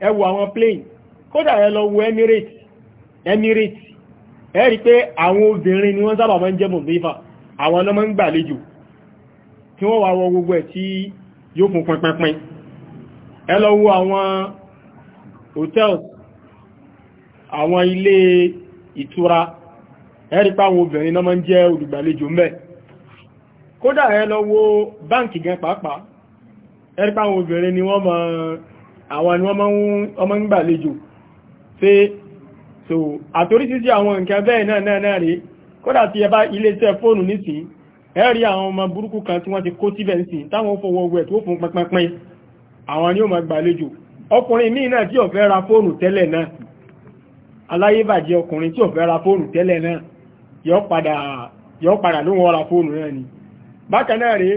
ẹ wo àwọn plane kódà ẹ lọ wo Emirates Emirates ẹ rí pé àwọn obìnrin ni wọ́n sábà máa ń jẹ́ mọ̀bífà àwọn ọlọ́mọ ń gbàlejò tí wọ́n wà wọ gbogbo ẹ̀ tí yóò fún pínpínpín ẹ lọ wo àwọn hotels àwọn ilé ìtura ẹ rí pé àwọn obìnrin náà máa ń jẹ́ olùgbàlejò ń bẹ̀ kódà ẹ lọ wo báǹkì gan pàápàá ẹ̀rípa àwọn obìnrin ni wọ́n máa àwọn ni wọ́n máa ń gbàlejò pé so àtorísísí àwọn nǹkan bẹ́ẹ̀ náà náà náà rí kódà tí ẹ bá iléeṣẹ́ fóònù nísìn ẹ rí àwọn ọmọ burúkú kan tí wọ́n ti kó síbẹ̀ nísìn táwọn fọwọ́ ọgbẹ̀ tó fún pínpín àwọn ni ó máa gbàlejò ọkùnrin míì náà tí ò fẹ́ ra fóònù tẹ́lẹ̀ náà aláyébàjẹ́ ọkùnrin tí ò fẹ́ ra fóònù ni bákan náà rèé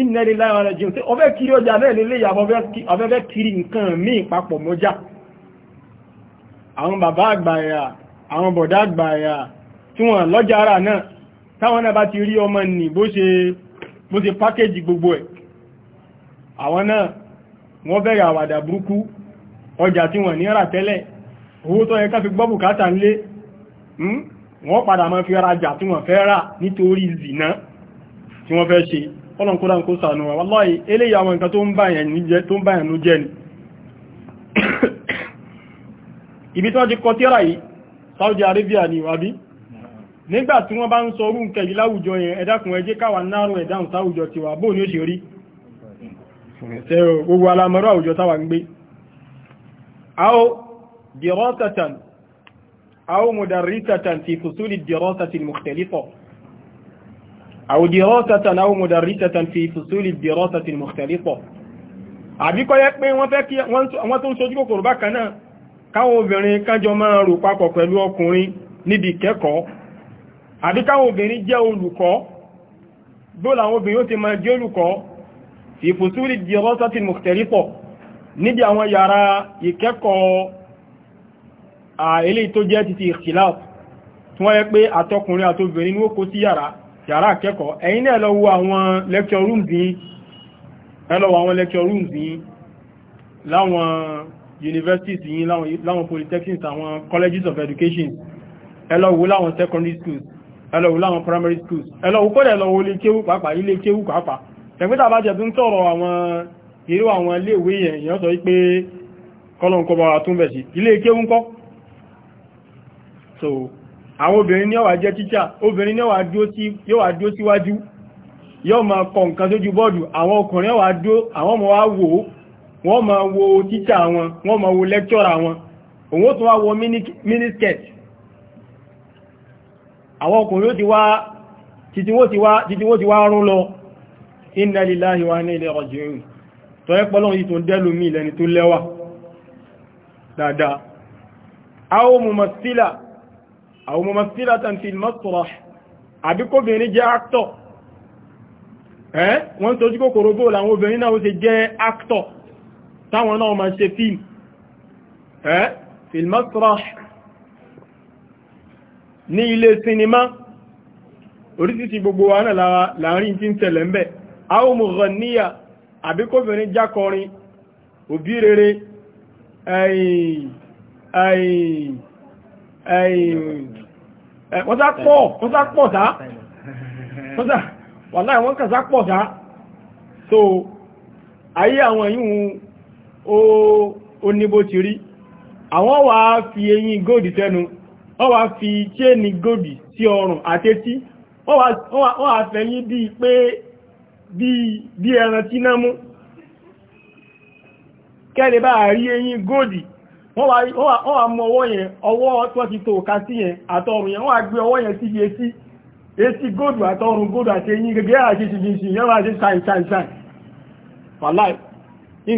ìnẹ́rí láwọn ẹjìn tí ọfẹ́ kiri ọjà náà lélé ìyàwó ọfẹ́fẹ́ kiri nǹkan míì papọ̀ mọ́já àwọn bàbá àgbàyà àwọn bọ̀dá àgbàyà tí wọ́n lọ́jà ara náà táwọn náà bá ti rí ọmọ nì bó ṣe bó ṣe pákéjì gbogbo ẹ̀ àwọn náà wọ́n bẹ̀rẹ̀ àwàdà burúkú ọjà tí wọ́n ní rà owó tó yẹ ká fi gbọ́ bùkátà ńlé hmm? wọ́n padà máa fi rajà tí wọ́n fẹ́ rà nítorí zìnà tí wọ́n fẹ́ ṣe ọlọ́nkúrá kó sànú wa wallahi eléyà àwọn nǹkan tó ń báyàn ló jẹ́ ni *coughs* ibi tí wọ́n ti kọ tírà yìí Saudi Arabia ni wà bí nígbà tí wọ́n bá ń sọ orú nǹkan yìí láwùjọ yẹn ẹ dákun ẹ jẹ́ káwa náàrùn ẹ̀dáhùn sáwùjọ tiwa bóò ní ó ṣe rí gbogbo أو دراسة أو مدرسة في فصول الدراسة المختلفة àbí kọ́ yẹ pé wọ́n fẹ́ kí wọ́n tó ń sojú kòkòrò bákan náà káwọn obìnrin kájọ máa rò papọ̀ pẹ̀lú ọkùnrin níbi ìkẹ́kọ̀ọ́ àbí káwọn obìnrin jẹ́ olùkọ́ bó làwọn obìnrin ó ti máa jẹ́ olùkọ́ fi fusuli dirasati mukhtalifa níbi àwọn yàrá ìkẹ́kọ̀ọ́ eléyìí tó yàrá akẹ́kọ̀ọ́ ẹ̀yin náà lọ wo àwọn lecture rooms yìí ẹ lecture rooms yìí láwọn universities yìí láwọn polytechnics àwọn colleges of education ẹ lọ wo láwọn secondary schools ẹ lọ wo láwọn primary schools ẹ lọ wo kọ́dẹ̀ lọ wo ilé kéwú pàápàá ilé kéwú pàápàá tẹ̀gbẹ́ta bá jẹ́ tó ń tọ̀rọ̀ àwọn irú àwọn ilé ìwé yẹn so àwọn obìnrin ní ó wá jẹ́ tíṣà obìnrin ní ó wá dúró síwájú yóò máa kọ nǹkan sójú bọ́ọ̀dù àwọn ọkùnrin ó wá dúró àwọn ọmọ wa wò ó wọ́n máa wo tíṣà wọn wọ́n máa wo lẹ́kṣọ́rà wọn òun ó tún wá wọ miniskirt àwọn ọkùnrin ó ti wá títí wó ti wá rún lọ inna lillahi wa inna ilaihi raji'un أو ممثلة في المسرح àbíkó obìnrin jẹ́ actor ẹ́ wọ́n tó jíkò kòrò bóòlù àwọn obìnrin náà ó ṣe jẹ́ actor táwọn náà ma ṣe fíìmù ẹ́ filmasrash ní ilé sinimá orísìsì gbogbo wa náà láàrin tí ń tẹ̀lẹ̀ ń bẹ̀ àwọn mọ̀gànníyà àbíkó obìnrin jákọrin òbí rere ẹ̀yìn ẹ̀yìn wọ́n sá pọ̀ wọ́n sá pọ̀ sá wọ́n sá wọ́n kà so ayé àwọn ti rí àwọn wà fi eyín góòdì tẹnu wọ́n wà fi chéènì góòdì sí ọrùn àtẹ́tí wọ́n wà á fẹ̀yìn bíi pé bí ẹran tí náà mú kẹ́lẹ̀ bá rí wọ́n wà mú ọwọ́ yẹn ọwọ́ tó ti tó ká sí yẹn àtọrùn yẹn wọ́n wà gbé ọwọ́ yẹn sí bí etí etí góòdù àtọrùn góòdù àti eyín gẹ́gẹ́ àti ṣe ṣe yẹn wà ṣe ṣàì ṣàì ṣàì ni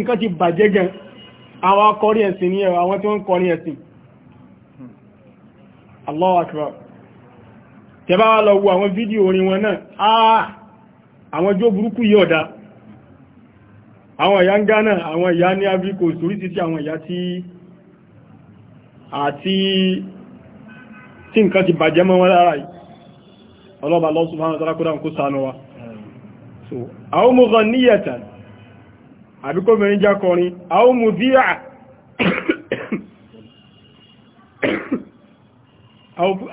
ẹ̀rọ àwọn tí wọ́n ń kọrin ẹ̀sìn Allahu Akbar tẹ́bá wá lọ wo àwọn fídíò orin àti tí nǹkan ti bàjẹ́ mọ́ wọn lára yìí ọlọ́bà Allah subhanahu wa ta'ala kó sànú wa so àwọn mọ́gàn níyẹ̀tà àbíkóbìnrin jákọrin àwọn mú díà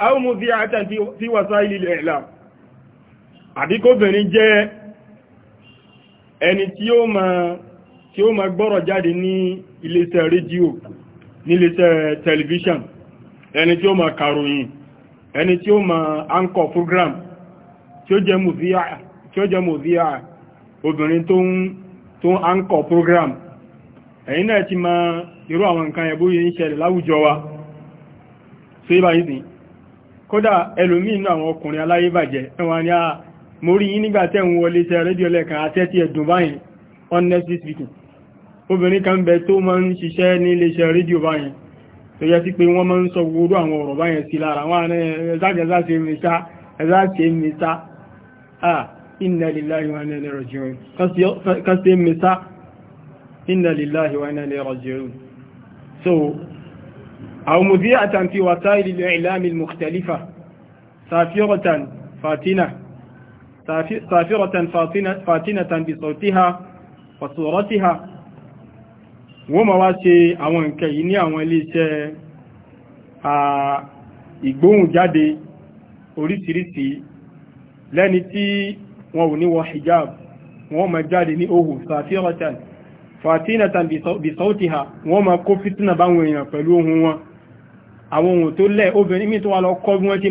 àwọn mú díà tí wasaili al-i'lam àbíkóbìnrin jẹ́ ẹni tí ó ma gbọ́rọ̀ jáde ní iléeṣẹ́ rédíò níléeṣẹ́ tẹlifíṣàn ẹni tí ó ma kàròyìn ẹni tí ó ma anchor program tí ó jẹ́ mùsíà obìnrin tó ń program ẹ̀yin náà ti ma irú àwọn nǹkan ẹ̀bó yìí ń ṣẹlẹ̀ láwùjọ wa tó yíba yìí sí kódà ẹlòmí àwọn ọkùnrin aláyébàjẹ́ ẹwà ni a mórí yìí nígbà wọlé tẹ́ rédíò lẹ́ẹ̀kan atẹ́tí ẹ̀dùn báyìí speaking obìnrin kan bẹ tó máa ń ṣiṣẹ́ ní iléeṣẹ́ rédíò báyẹn tó yẹ sí pé wọ́n máa ń sọ gbogbo àwọn ọ̀rọ̀ báyẹn sí lára wọ́n ẹ̀zájẹ́zá ṣe mẹ́ta ẹ̀zá ṣe mẹ́ta ah àwọn mudhi'atan safiratan fatina fatina fatinatan bi sawtiha wa suratiha wọ́n ma wá ṣe àwọn nǹkan yìí ní àwọn iléeṣẹ́ ìgbóhùnjáde oríṣiríṣi lẹ́ni tí wọn ò ní wọ hijab wọ́n ma jáde ní ohùn sàfíọ́tàn fàtínàtàn ha wọ́n ma kó fítínà báwọn èèyàn pẹ̀lú ohun wọn àwọn ohun tó lẹ́ obìnrin mi tó wà lọ kọ́ ti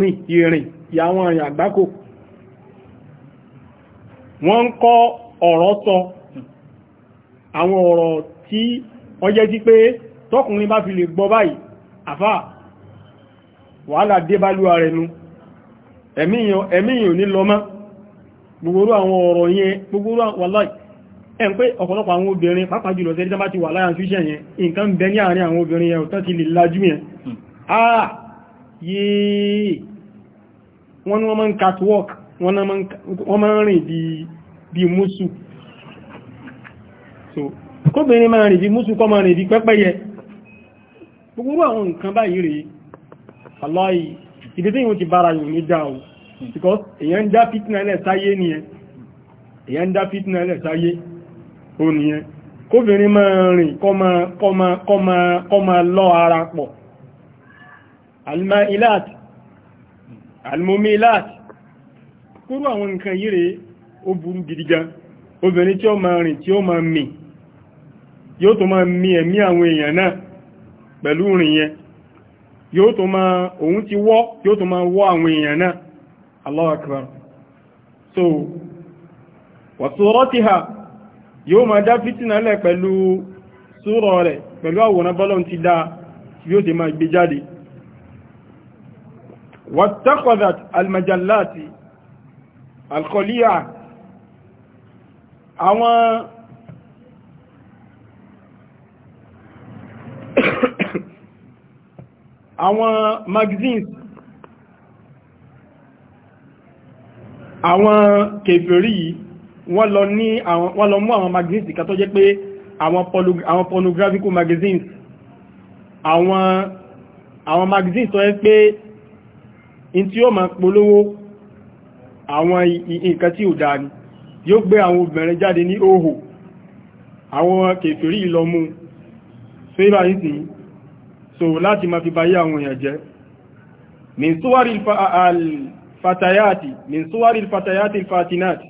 mi ti wọ́n ń kọ́ ọ̀rọ̀ sọ àwọn ọ̀rọ̀ tí wọ́n jẹ́ sí pé tọkùnrin bá fi lè gbọ́ báyìí àfà wàhálà dé bá lúwa rẹ̀ nu ẹ̀mí yìí gbogbo àwọn ọ̀rọ̀ yẹn gbogbo wàláì pé ọ̀pọ̀lọpọ̀ àwọn obìnrin pàápàá jùlọ tẹ́lẹ̀ bá ti wà láyàn fíṣẹ̀ yẹn nǹkan bẹ ní àárín àwọn obìnrin yẹn tán ti lè lájú yẹn àà hmm. ah, yìí wọ́n ni wọ́n máa ń catwalk wọ́n máa rìn bí músù so kóbìnrin máa rìn bí músù kọ́ máa rìn bí pẹ́pẹ́yẹ gbogbo àwọn nǹkan báyìí rèé aláì ìdí tí yíò ti bára yìí ní dáa o èyàn dá fitna sáyé nìyẹn kóbìnrin máa rìn kọ́ máa lọ ara pọ̀ almailat almumilat kúrú àwọn nǹkan yìí rèé ó burú gidi obìnrin tí ó máa rìn tí ó máa mì yóò tó máa mì ẹ̀mí àwọn èèyàn náà pẹ̀lú rìn yẹn yóò tó máa òun ti wọ́ yóò tó máa wọ́ àwọn èèyàn náà Allahu Akbar so wàsúrọ́tìhà yóò máa dá fìtínà lẹ̀ pẹ̀lú súrọ̀ rẹ̀ pẹ̀lú àwòrán bọ́lọ́n ti dáa bí ó máa gbé jáde almajalláti alkọlíà àwọn *coughs* àwọn magazines àwọn kèfèrí wọ́n lọ ní wọ́n lọ mú àwọn magazines kan tó jẹ́ pé àwọn pornographical magazines àwọn àwọn magazines tó jẹ́ pé in tí ó ma polówó àwọn nǹkan tí ò dáa ni yóò gbé àwọn obìnrin jáde ní òhò àwọn kèfèrí ìlọmú fẹ́bà ní sí so láti ma fi báyé àwọn èèyàn jẹ́ min al-fatayati min suwari al-fatayati al-fatinati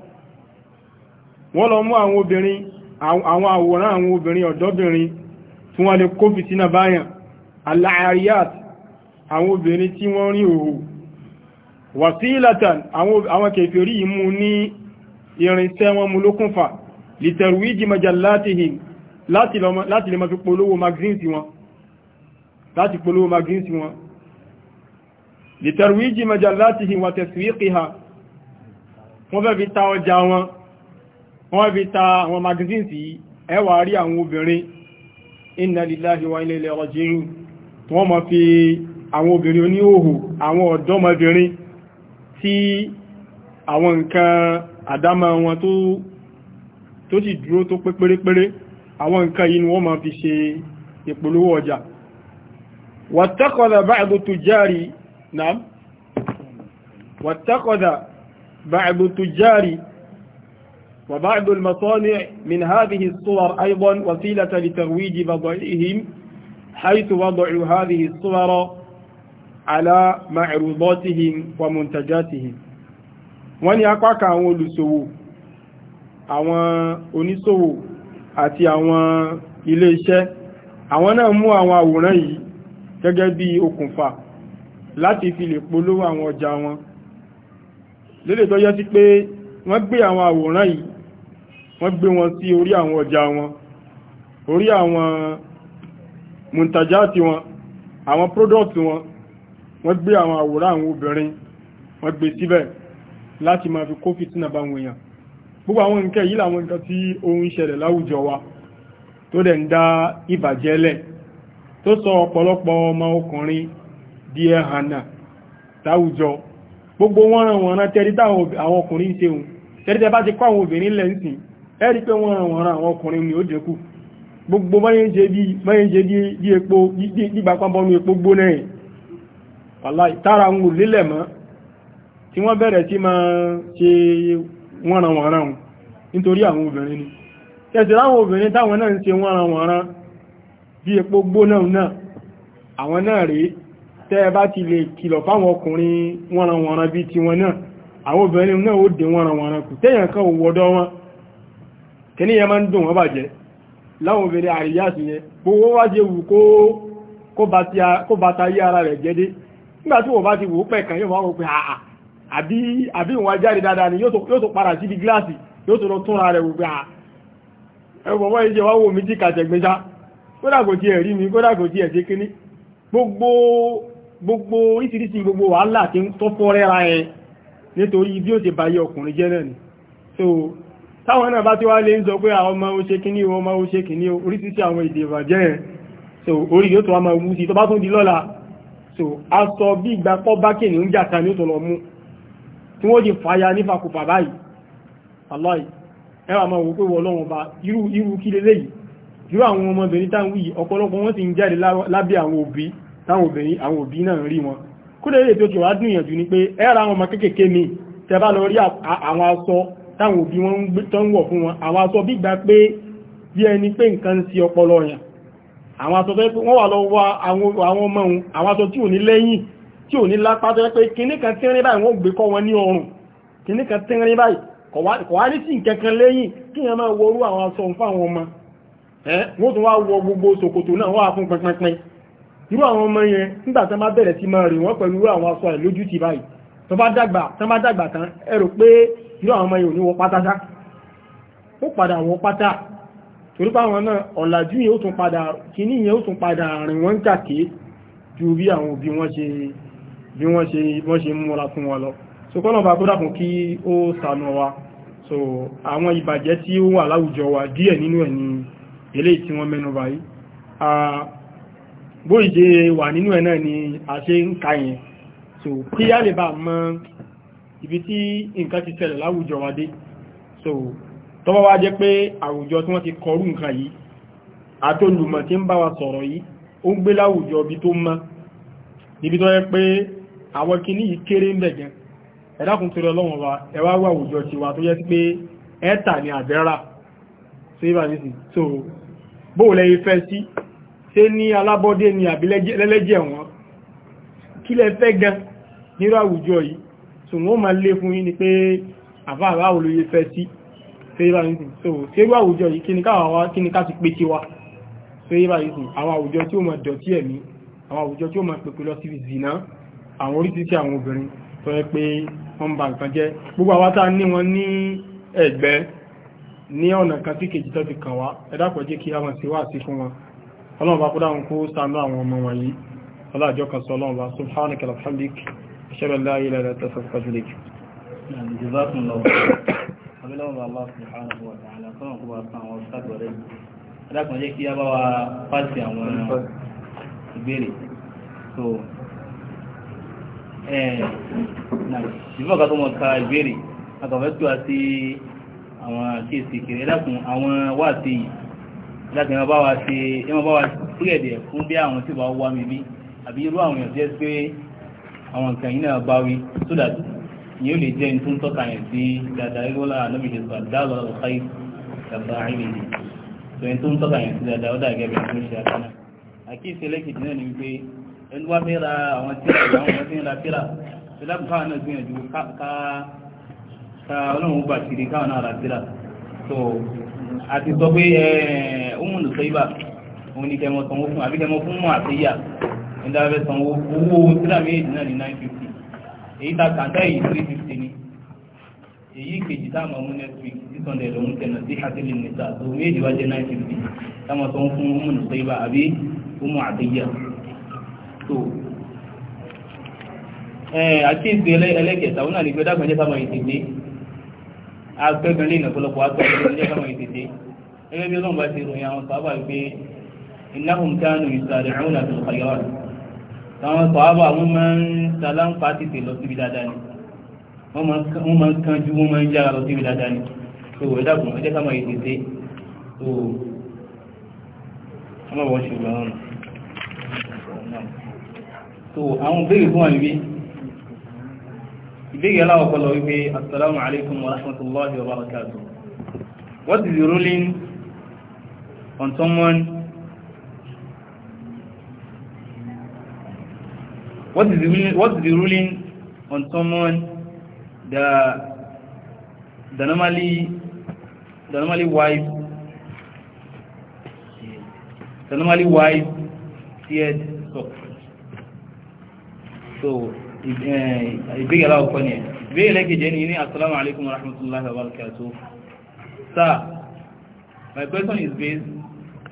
wọ́n lọ mú àwọn obìnrin àwọn àwòrán àwọn obìnrin ọ̀dọ́bìnrin tí wọ́n lè kó fìtínà báyàn al-ariyat àwọn obìnrin tí wọ́n rí òhò wasilatan àwọn kèfèrí yìí mú ní irinṣẹ́ wọn mú lókún fà literwiji majallatihim láti lè ma fi polówó magazines wọn láti polówó magazines wọn literwiji majallatihim wa taswiqiha wọ́n fẹ́ fi ta ọjà wọn wọ́n fi ta àwọn magazines yìí ẹ wá rí àwọn obìnrin inna lillahi wa inna ilaihi raji'un wọ́n ma fi àwọn obìnrin oníhòhò àwọn ọ̀dọ́mọbìnrin tí àwọn nǹkan àdámọ́ wọn tó sì dúró tó pé pérépéré àwọn nǹkan yìí ni wọ́n máa fi ṣe ìpolówó ọjà wàtàkọ̀dà báàbù tùjárì náà وبعض المصانع من هذه الصور أيضا وسيلة لترويج بضعهم حيث وضعوا هذه الصور على معروضاتهم ومنتجاتهم wọ́n ní apá kan àwọn olùṣòwò àwọn oníṣòwò àti àwọn ilé-iṣẹ́ àwọn náà mú àwọn àwòrán yìí gẹ́gẹ́ bí okùnfà láti fi lè polówó àwọn ọjà wọn lédè tó yẹ sí pé wọ́n gbé àwọn àwòrán yìí wọ́n gbé wọn sí orí àwọn ọjà wọn orí àwọn muntajati wọn àwọn product wọn wọ́n gbé àwọn àwòrán àwọn obìnrin wọ́n gbé síbẹ̀ láti ma fi kó fìtínà bá wọn èèyàn gbogbo àwọn nǹkan yìí làwọn nǹkan tí wa tó dẹ̀ ń dá ìbàjẹ́ tó sọ ọ̀pọ̀lọpọ̀ ọmọ ọkùnrin di ẹ̀hànà láwùjọ gbogbo wọ́n ràn wọ́n ọkùnrin ti ẹ ràn àwọn wàláì tára ń wù lílẹ̀ mọ́ tí wọ́n bẹ̀rẹ̀ sí máa ṣe wọ́nranwọ̀nran nítorí àwọn obìnrin ni tẹ̀sì láwọn obìnrin táwọn náà ń ṣe wọ́nranwọ̀nran bí epo gbóná náà àwọn náà rí tẹ́ bá ti lè kìlọ̀ fáwọn ọkùnrin tiwọn náà yí ara rẹ̀ nígbà tí wọ́n bá ti wò ó pẹ̀kan yóò máa wọ́n pé àà àbí ìwọ̀n ajáre dáadáa ni yóò tó padà síbi gíláàsì yóò tó lọ túnra rẹ̀ wò pé àà ẹwọ̀n wọ́n ìjẹ́ wá wò mí tí kàtẹ̀gbẹ́sá kódàkò tí ẹ̀ rí mi kódàkò tí ẹ̀ ṣe kíní gbogbo ìtìrísí gbogbo wàhálà tí ń tọ́pọ̀ rẹ́ra ẹ nítorí bí ó ti báyé ọkùnrin jẹ́ náà ni so táwọn náà bá ti wá lè ń sọ pé àwọn ọmọ ó ṣe kíní o ọmọ ó ṣe kíní o oríṣiríṣi àwọn ìdè ìbàjẹ́ so orí yóò tó wá máa wú sí tó bá tún di lọ́la so aṣọ bí ìgbà kọ́ bá kìnnì ń jàta ní òtòlọ mú tí wọ́n di fàyà nífàkùpà báyìí aláì ẹwà máa wò pé wọ́n lọ́wọ́ bá irú irú kí lélẹ́ yìí irú àwọn ọmọbìnrin táwọn yìí ọ̀pọ̀lọpọ̀ wọ́n ti ń jáde lábẹ́ àwọn òbí táwọn obìnrin àwọn òbí náà rí wọn kódà ilé tó ti wá dùnyànjú ni pé ẹ ra àwọn ọmọ kéékèèké mi tẹ bá lọ rí àwọn aṣọ táwọn òbí wọn tó ń wọ̀ fún wọn àwọn aṣọ bí ìgbà pé bí ẹni pé nǹkan ń ṣe àwọn aṣọ tó wọ́n wà lọ wá àwọn ọmọ òun àwọn aṣọ tí ò ní lẹ́yìn tí ò ní lápá tó yẹ pé kìíní kan tí ń rí báyìí wọ́n gbé kọ́ wọn ní ọrùn kìíní kan tí ń rí báyìí kọ̀ wá ní sí nǹkankan lẹ́yìn kí yẹn máa wọrú àwọn aṣọ fún àwọn ọmọ ẹ́ wọ́n tún wá wọ gbogbo ṣòkòtò fún àwọn ọmọ torí báwọn náà ọ̀làjú yẹn ó tún padà kíní yẹn ó tún padà rìn wọ́n kàkí ju bí àwọn òbí wọ́n ṣe bí wọ́n ṣe wọ́n ṣe múra fún wọn lọ so kọ́nà bá kódà fún kí ó sànà wa so àwọn ìbàjẹ́ tí ó wà láwùjọ wa díẹ̀ nínú ẹ̀ ni eléyìí tí wọ́n mẹ́nu báyìí bó ìje wà nínú so kí á lè bá mọ ibi so tó bá wá jẹ́ pé àwùjọ tí wọ́n ti kọrú nǹkan yìí àtolùmọ̀ tí ń bá wa sọ̀rọ̀ yìí ó ń gbé láwùjọ bí tó mọ́ níbi tó yẹ pé àwọn kìíní yìí kéré ń bẹ̀ gan ẹ̀dákun torí wa ẹ wá wá àwùjọ tiwa tó yẹ so bóò lẹ́yìn fẹ́ sí ni àbí lẹ́lẹ́jẹ̀ wọn kí lẹ fẹ́ ni pé àbá àbá olóye fẹ́ sí so yíba yìí sìn so ṣerú àwùjọ yìí kí ni ká àwọn kí ni ká ti pé tiwa so yíba yìí sìn àwọn àwùjọ tí ó mọ dọ̀tí ẹ̀mí àwọn àwùjọ tí ó mọ pèpè lọ síbi zìnà àwọn oríṣiríṣi àwọn obìnrin tó yẹ pé wọ́n ń ba nǹkan jẹ́ gbogbo àwa a ní wọn ní ẹ̀gbẹ́ ní ọ̀nà kan tí kejì tó ti kàn wá ẹ kí a wọn ṣe wá sí fún wọn ọlọ́run bá kó dáhùn kó sànú àwọn ọmọ wọ̀nyí ọlọ́àjọ kan sọ ọlọ́run bá subhanaka alhamdulilayi ṣẹlẹ̀ láyé ilẹ̀ ẹ̀rẹ́ tẹ̀sán fàjúlẹ̀ àbílọ́wọ̀n bá Allah subhanahu wa ta'ala kọ́nà kó bá san àwọn ọ̀sádùn rẹ̀ adákan jẹ́ kí a bá wa pàṣẹ àwọn ìbéèrè so ìfẹ́ ọ̀gá tó mọ̀ ka ìbéèrè akọ̀fẹ́ tó wá sí àwọn àkíyèsí kiri ẹ̀dàkùn àwọn wáàtí yìí ẹ̀dàkùn ẹ̀mọ́ bá wa ṣe ẹ̀mọ́ bá wa fúrẹ̀dẹ̀ fún bí àwọn tí ó bá wá mi bí àbí irú àwọn èèyàn jẹ́ pé àwọn nǹkan yìí náà bá wí sódà yóò lè jẹ́ nǹkan tọ́ka yẹn sí dáadáa yóò lára níbi ìjọba dáàbò ọ̀rọ̀ káyì gàbà àìlè yìí tó yẹn tó ń tọ́ka yẹn sí dáadáa ó dà gẹ́gẹ́ tó ń ṣe àkànà àkíyèsí ẹlẹ́kìtì náà ni wípé ẹni wá fẹ́ ra àwọn tíra ìwà àwọn tí ń ra tíra tó dábò káwọn náà gbìyànjú ká ká ọlọ́run bá kiri káwọn náà ra tíra tó àti sọ pé ọmọnù sọ́yìnbà òun ni kẹmọ sanwó fún àbí fún mọ́ àtẹ́yà ẹni dábẹ́ sanwó owó tíra èyí ta kàtẹ́ yìí three fifty ni èyí kejì táwọn ọmọ next week six hundred ọ̀hún tẹ̀nà sí hakili nìta tó méjì wájẹ́ nine fifty táwọn tó ń fún ọmọ nìta ibà àbí ọmọ àdéyà tó àkíyèsí ẹlẹ́kẹ̀ẹ́ta ó náà ní pé dákùn ẹjẹ́ sáwọn ìtìdé agbẹ́gbẹ́ lè nàpọ̀lọpọ̀ agbẹ́gbẹ́ ẹjẹ́ sáwọn ìtìdé ẹgbẹ́ bí ọlọ́run bá ti ròyìn àwọn sábà wípé innahum kanu yusari'una fil khayrat àwọn sọ̀hábà wọ́n máa ń sàlámpa tètè lọ síbi dáadáa ni wọ́n máa ń kánjú wọ́n máa ń yára lọ síbi dáadáa ni tó wọ́n dàgbọ́n ẹjẹ́ ká máa yìí tó wọ́n wọ́n ṣe lọ́rùn tó àwọn ìbéèrè fún àwọn ìwé ìbéèrè aláwọ̀ wípé assalamu alaikum wa rahmatullahi wa barakatuh what is the ruling on someone What is the ruling, what is the ruling on someone that the normally the normally wife the normally wife feared so it so ìgbéga aláwọ̀ kan ni ẹ̀ ìgbéga lẹ́gẹ̀ẹ́jẹ́ ni ní assalamu alaikum wa rahmatullahi wa barakatuh sir my question is based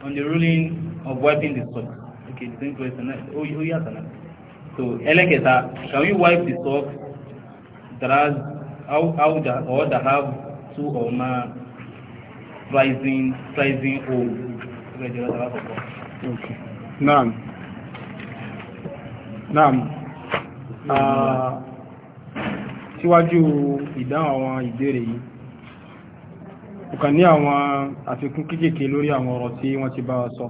on the ruling of wiping the sock okay the same question Oh, oh yes, náà so ẹlẹ́kẹta can we wipe the sock drag out out the, or the have two or more rising rising holes. Okay. Naam. Naam. Uh, síwájú ìdáhùn àwọn ìbéèrè yìí ó kàn ní àwọn àfikún awon lórí àwọn ọ̀rọ̀ tí wọ́n ti bá wa sọ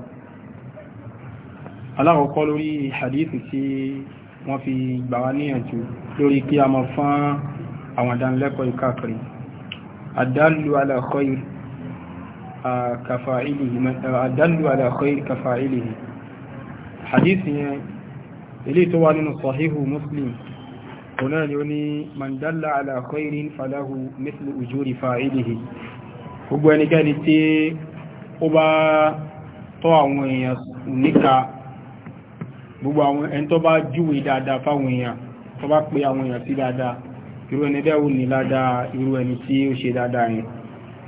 alákọ̀ọ́kọ́ lórí hadith ti wọ́n fi gbà wá níyànjú lórí kí a mọ̀ fún àwọn ìdánilẹ́kọ̀ọ́ ìkàkiri àdálù ala khair kafa'ilihi hadithi yẹn ilé tó wà nínú sahihu muslim ọ̀nà ni ó ní man dalla ala khairin falahu mithlu ujuri fa'ilihi gbogbo ẹnikẹ́ni tí ó bá tọ́ àwọn èèyàn níka gbogbo àwọn ẹni tó bá júwe dáadáa fáwọn èèyàn tó bá pe àwọn èèyàn sí dáadáa irú ẹni bẹ́ẹ̀ ò ní ládàá irú ẹni tí ó ṣe dáadáa yẹn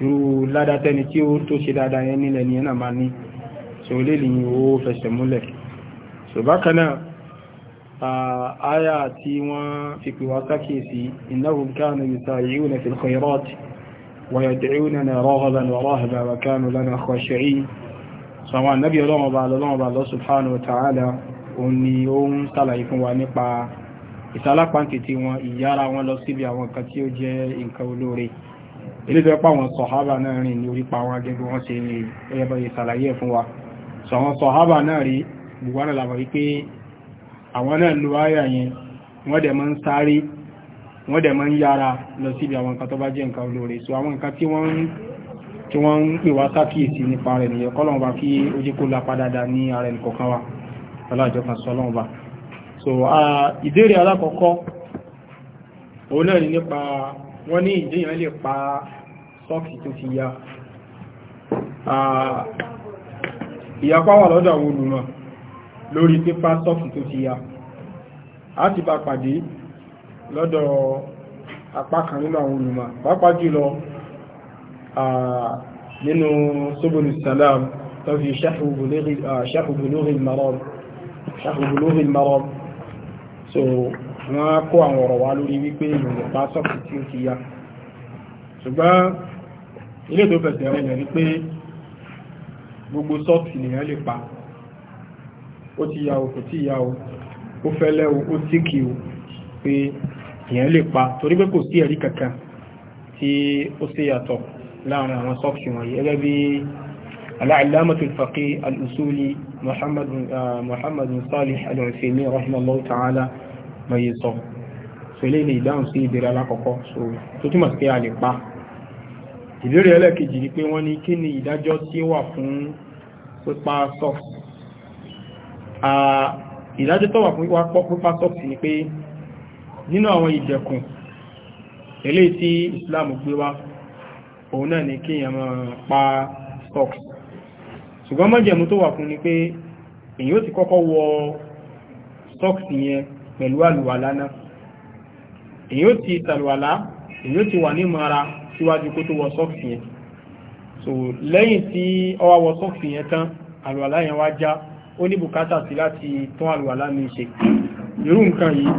irú ládàá tẹni tí ó tó ṣe dáadáa yẹn nílẹ̀ ni ẹ̀nà máa ní so lè ní ó fẹsẹ̀ múlẹ̀ so bákan náà àyà tí wọ́n fi pè wá sákèsí òun ni ó ń sàlàyé fún wa nípa ìsálápàǹtìtì wọn ìyára wọn lọ síbi àwọn nǹkan tí ó jẹ́ nǹkan olóore eléjọ́ pa àwọn sọ̀hábà náà rìn ní orípa àwọn agẹ́gbẹ́ wọn ṣe ní ẹyẹbọ̀ ìsàlàyé fún wa sọ àwọn sọ̀hábà náà rí buwara làbọ̀ wípé àwọn náà lo ayà yẹn wọ́n dẹ̀ máa ń sáré wọ́n dẹ̀ máa ń yára lọ síbi àwọn nǹkan tó bá jẹ́ nǹkan olóore so àwọn nǹkan tí wọ́n ń pè wá sákìyèsí nípa rẹ̀ nìyẹn kọ́lọ̀ aláàjọ kan sọ bá so ìbéèrè alákọ̀ọ́kọ́ òun náà ni nípa wọ́n ní ìdíyàn lè pa sọ́ọ̀kì tó ti ya ìyapá wà lọ́dọ̀ àwọn olùmọ̀ lórí pípa sọ́ọ̀kì tó ti ya a ti bá pàdé lọ́dọ̀ apá kan nínú àwọn olùmọ̀ pàápàá jùlọ nínú sóbòlù sàlám tó fi ṣáhùbù lórí ṣàkó gbólóhìn mọ́rọ̀ so wọ́n kó àwọn ọ̀rọ̀ wá lórí wípé ìrìnlẹ̀ bá sọ́kù tí ó ti yá ṣùgbọ́n ilé tó fẹ̀sẹ̀ rẹ̀ ní pé gbogbo sọ́ọ̀tì nìyàn lè pa ó ti yá o kò tí yá o ó fẹ́lẹ́ o ó tíkì o pé èèyàn lè pa torí pé kò sí ẹ̀rí kankan tí ó ṣe yàtọ̀ láàrin àwọn sọ́ọ̀tì wọ̀nyí gẹ́gẹ́ bí al-allamatu al-faqih Muhammad uh, Muhammad Salih Al-Uthaymin rahimahullahu ta'ala mọ̀yé sọ so ilé ilé ìdáhùn sí ìbéèrè alákọ̀ọ́kọ́ so tó túmọ̀ sí pé a lè pa ìbéèrè ẹlẹ́ẹ̀kejì ni pé wọ́n ní kí ni ìdájọ́ tí ó wà fún pípa socks ìdájọ́ tó wà fún pípa socks ni pé nínú àwọn ìdẹ̀kùn eléyìí tí Islam gbé wá òun náà ni kí èèyàn máa pa socks ṣùgbọ́n mọ́jẹ̀mú tó wà fún ni pé èyí ó ti kọ́kọ́ wọ sọ́ọ̀kì yẹn pẹ̀lú àlùwàlá náà èyí ó ti tàlùwàlá èyí ó ti wà ní mara síwájú kó tó wọ sọ́ọ̀kì yẹn so lẹ́yìn tí ó wá wọ sọ́ọ̀kì yẹn tán àlùwàlá yẹn wá já ó ní bùkátà sí láti tún àlùwàlá mi ṣe irú nǹkan yìí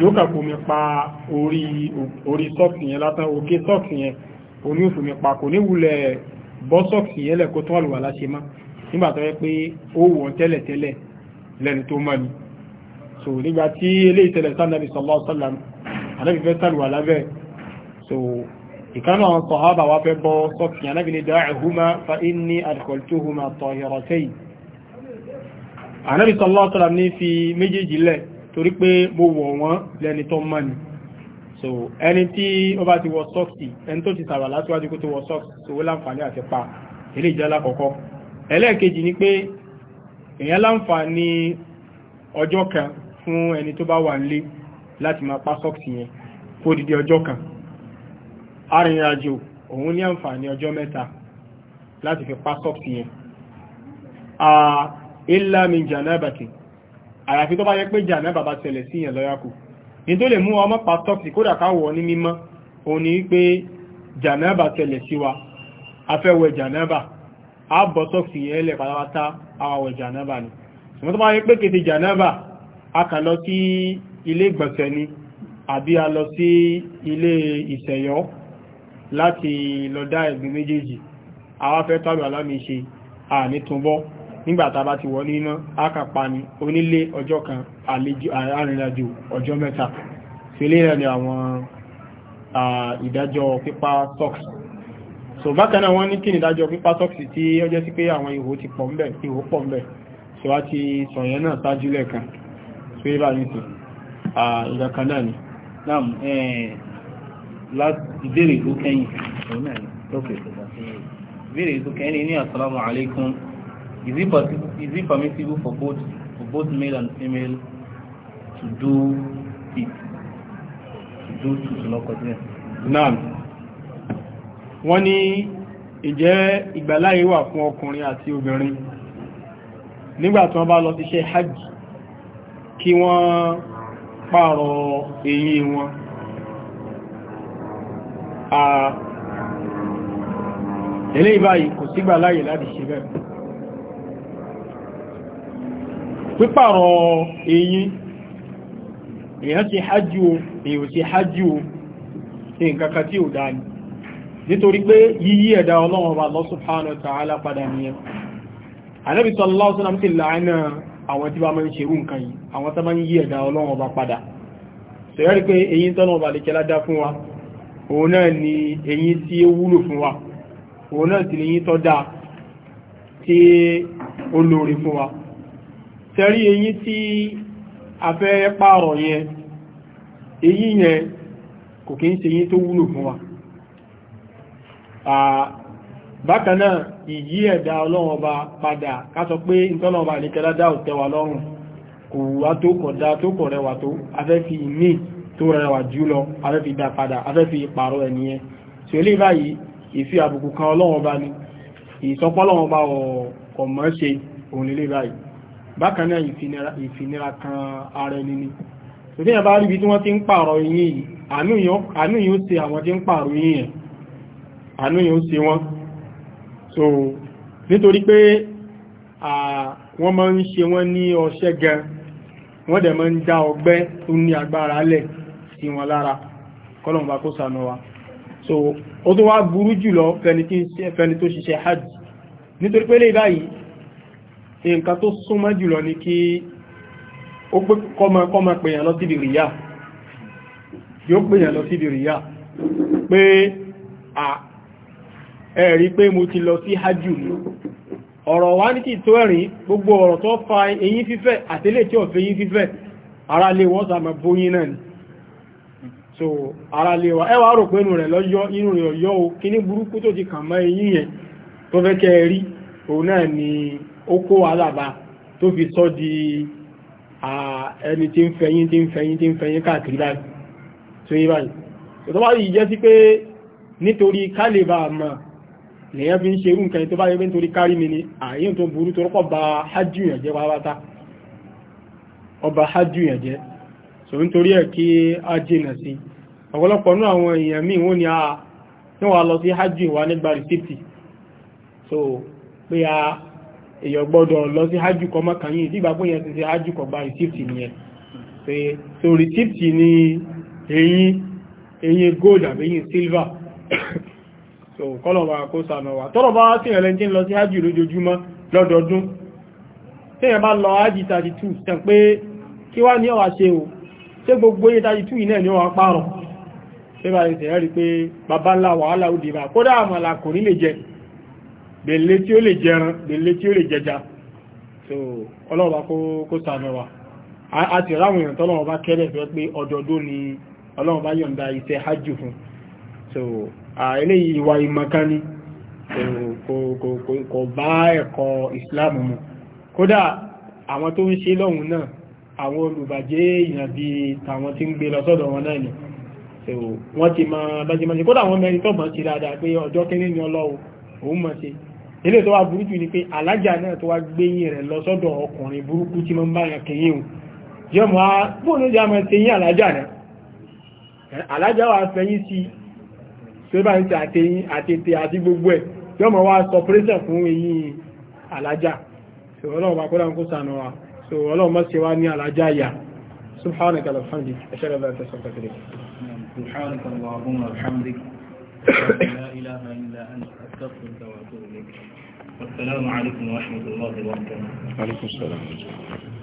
yóò kà fomi pa orí orí sọ́ọ̀kì yẹn látàn òkè sọ́ọ̀kì yẹn òní òfòmi pa kò ní wulẹ̀ bọ́ sọ́ọ̀kì yẹn lẹ̀ kó àlùwàlá ṣe máa nígbà tó yẹ pé ó wọ̀ tẹ́lẹ̀tẹ́lẹ̀ lẹ́nu tó mọ́ ni so nígbà tí eléyìí tẹ́lẹ̀ sánàbí sallallahu alaihi wasallam anábì fẹ́ lábẹ́ so ìkànnà àwọn sọ̀hábà wá fẹ́ bọ́ sọ́fìn anábì ní da'uhuma fa inni adkhaltuhuma tahiratayn anábì sallallahu alaihi wasallam ní fi méjèèjì lẹ̀ so ẹni tí ó bá ti wọ sọ́ọ̀sì ẹni tó ti sàlùwà láti kó tó wọ sọ́ọ̀sì so ó láǹfààní àti pa eléyìí jẹ́ lákọ̀ọ́kọ́ ẹlẹ́ẹ̀kejì ni pé èyàn láǹfààní ọjọ́ kan fún ẹni tó bá wà nílé láti máa pa sọ́ọ̀sì yẹn fódìdí ọjọ́ kan arìnrìnàjò òun ní àǹfààní ọjọ́ mẹ́ta láti fi pa sọ́ọ̀sì yẹn illa min janabati àyàfi tó bá yẹ pé janaba bá tẹ̀lẹ̀ sí yẹn lọ́yàkù ní tó lè mú ọmọ pa sọ́ọ̀sì kódà káwọ̀ ní mímọ́ òun ni wípé janaba tẹ̀lẹ̀ sí wa afẹ́wẹ̀ janaba àbọ̀tọ́ fi ẹlẹ̀ pátápátá àwàwẹ̀ jànábà ni ṣùgbọ́n tó bá yẹ pé kété jànábà a kà lọ sí ilé ìgbọ̀nsẹ̀ ni àbí a lọ sí ilé ìṣẹ̀yọ́ láti lọ dá ẹ̀gbin méjèèjì àwa fẹ́ tàbí alámi ṣe àní túnbọ́ so bákan náà wọ́n ní kí nìdájọ́ pípa sọ́ọ̀sì tí ó jẹ́ sí pé àwọn ihò ti pọ̀ ńbẹ̀ ihò pọ̀ ńbẹ̀ so a ti sọ̀yẹn náà ṣáájú lẹ́ẹ̀kan so yẹ́ bá ní sí ìgbà kan náà ni. naam ìbéèrè ló kẹ́yìn ìbéèrè ló kẹ́yìn ní asalaamu alaykum is it possible is it permissible for both for both male and female to do it to do to lọkọ díẹ̀. naam wọ́n ní ìjẹ́ ìgbàláyé wà fún ọkùnrin àti obìnrin nígbàtí wọ́n bá lọ síṣẹ́ hajj kí wọ́n pààrọ̀ eyín wọn ilé ìbáyìí kò sígbà láyè láti ṣe bẹ́ẹ̀ pípààrọ̀ eyín èyàn ti hajjú èyàn ti hajjú ní nǹkankan tí ò dáa nítorí pé yíyí ẹ̀dá ọlọ́run ọba Allah subhanahu wa ta'ala padà nìyẹn anábì sallallahu alaihi wasallam ti láàánà àwọn tí bá máa ń ṣerú nǹkan yìí àwọn tó máa ń yí ẹ̀dá ọlọ́run ọba padà sọ̀rọ̀ pé eyín tọ́nà ọba lè kẹlá dá fún wa òun náà ni eyín tí ó wúlò fún wa òun náà sì ni tọ́ dáa tí ó lóore fún wa sẹ́rí eyín tí a fẹ́ pààrọ̀ yẹn eyín yẹn kò kí ń ṣe eyín tó wúlò fún wa bákan náà ìyí ẹ̀dá ọlọ́run ọba padà ká sọ pé ìtọ́lọ́run ọba àníkẹ́lá dá ò tẹ́wa lọ́rùn kò wá tó kọ̀dá tó kọ̀ rẹwà tó afẹ́fì ìmí tó rẹwà jù lọ afẹ́fì dá padà afẹ́fì ìpààrọ̀ ẹ̀nìyẹn tí ó lè báyìí ìfi àbùkù kan ọlọ́run ọba ni ìsọpọ́ ọlọ́run ọba ọ̀kọ̀ mọ́ ṣe òun lè báyìí bákan náà ìfinira ni àánú yìí ó ṣe wọ́n so nítorí pé wọ́n máa ń ṣe wọ́n ní ọṣẹ́ gan wọ́n dẹ̀ máa ń dá ọgbẹ́ tó ní agbára lẹ̀ sí wọn lára kọ́lọ̀mù kó ṣàánú wa so ó tó wá burú jùlọ fẹni tó ṣiṣẹ́ hajj nítorí pé lè báyìí nǹkan tó súnmọ́ jùlọ ní kí ó pé kọ́mọ pèèyàn lọ síbi rìyà yóò pèèyàn lọ síbi rìyà pé ẹ̀rí pé mo ti lọ sí hajjú ọ̀rọ̀ wá ní tí tó ẹ̀rí gbogbo ọ̀rọ̀ tó fa eyín fífẹ́ àtẹ́lẹ̀ tí ọ̀fẹ́ eyín fífẹ́ ara lè wọ́n sàmà bóyín náà ni so ara lè wà ẹwà rò pé inú rẹ̀ lọ́yọ́ inú rẹ̀ ọ̀yọ́ o kí ní burúkú tó ti kàn mọ́ eyín yẹn tó fẹ́ kẹ́ rí òun náà ni ó kó alàbà tó fi sọ di ẹni tí ń fẹyín tí ń fẹyín tí ń fẹyín káàkiri báyìí tó yí báyìí tó bá yìí jẹ́ sí pé nítorí kálíbà mọ̀ lèyàn fi ń ṣe irú nǹkan tó bá yẹ pé nítorí kárí mi ni àyíyàn tó burú tó rọ́pọ̀ bá hajjú yàn jẹ́ ọba hajjú yàn jẹ́ so nítorí ẹ̀ kí a jìnà sí ọ̀pọ̀lọpọ̀ ní àwọn èèyàn míì wọ́n ni a ní wà lọ sí hajjú ìwà nígbà rìsíptì so pé a èèyàn gbọ́dọ̀ lọ sí hajjú kọ mọ́kànyìn tí ìgbà pé yẹn ti ṣe so rìsíptì ni eyín eyín gold àbí silver *coughs* so kọ́lọ̀wà kó sànà wà tọ́rọ bá sí ẹ̀lẹ́ tí ń lọ sí ájì lójoojúmọ́ lọ́dọọdún tí ẹ̀ bá lọ ájì 32 tẹ̀ pé kí wá ní ọwà ṣe o ṣé gbogbo yẹ 32 iná ní ọwà pààrọ̀ ṣé bá ṣe rí pé bàbá ńlá wàhálà ó dìbà kódà àmàlà kò ní lè jẹ gbèlé tí ó lè jẹran gbèlé tí ó lè jẹja so ọlọ́wà kó sànà wà a ti ráwọn èèyàn tọ́lọ́wọ́ bá kẹ́lẹ̀ fẹ́ pé ọdọọdún ni ọlọ́wọ́ bá yọ̀ǹda iṣẹ́ hajj fún so eléyìí ìwà ìmọ̀kan ni kò bá ẹ̀kọ́ islam mu kódà àwọn tó ń ṣe lọ́hùn náà àwọn olùbàjẹ́ èèyàn bí tàwọn tí ń gbé lọ sọ́dọ̀ wọn náà ni wọ́n ti máa bá ti máa ṣe kódà àwọn mẹ́rin tó mọ̀ sí dáadáa pé ọjọ́ kéré ni ọlọ́wọ́ òun mọ̀ sí ilé tó wá burúkú ni pé alájà náà tó wá gbéyìn rẹ̀ lọ sọ́dọ̀ wa fẹ́yìn tó bá ń ti àtẹyìn àtètè àti gbogbo ẹ̀ yọ́ mọ̀ wá sọpírẹ́sẹ̀ fún eyín alájá so ọlọ́run bá kọ́lá ń kó sànà wa so ọlọ́run mọ́ sí wá ní alájá ìyà subhanaka alhamdik ẹ̀ṣẹ́ rẹ̀ bẹ̀rẹ̀ tẹ̀sán kẹfẹ́rẹ́ subhanaka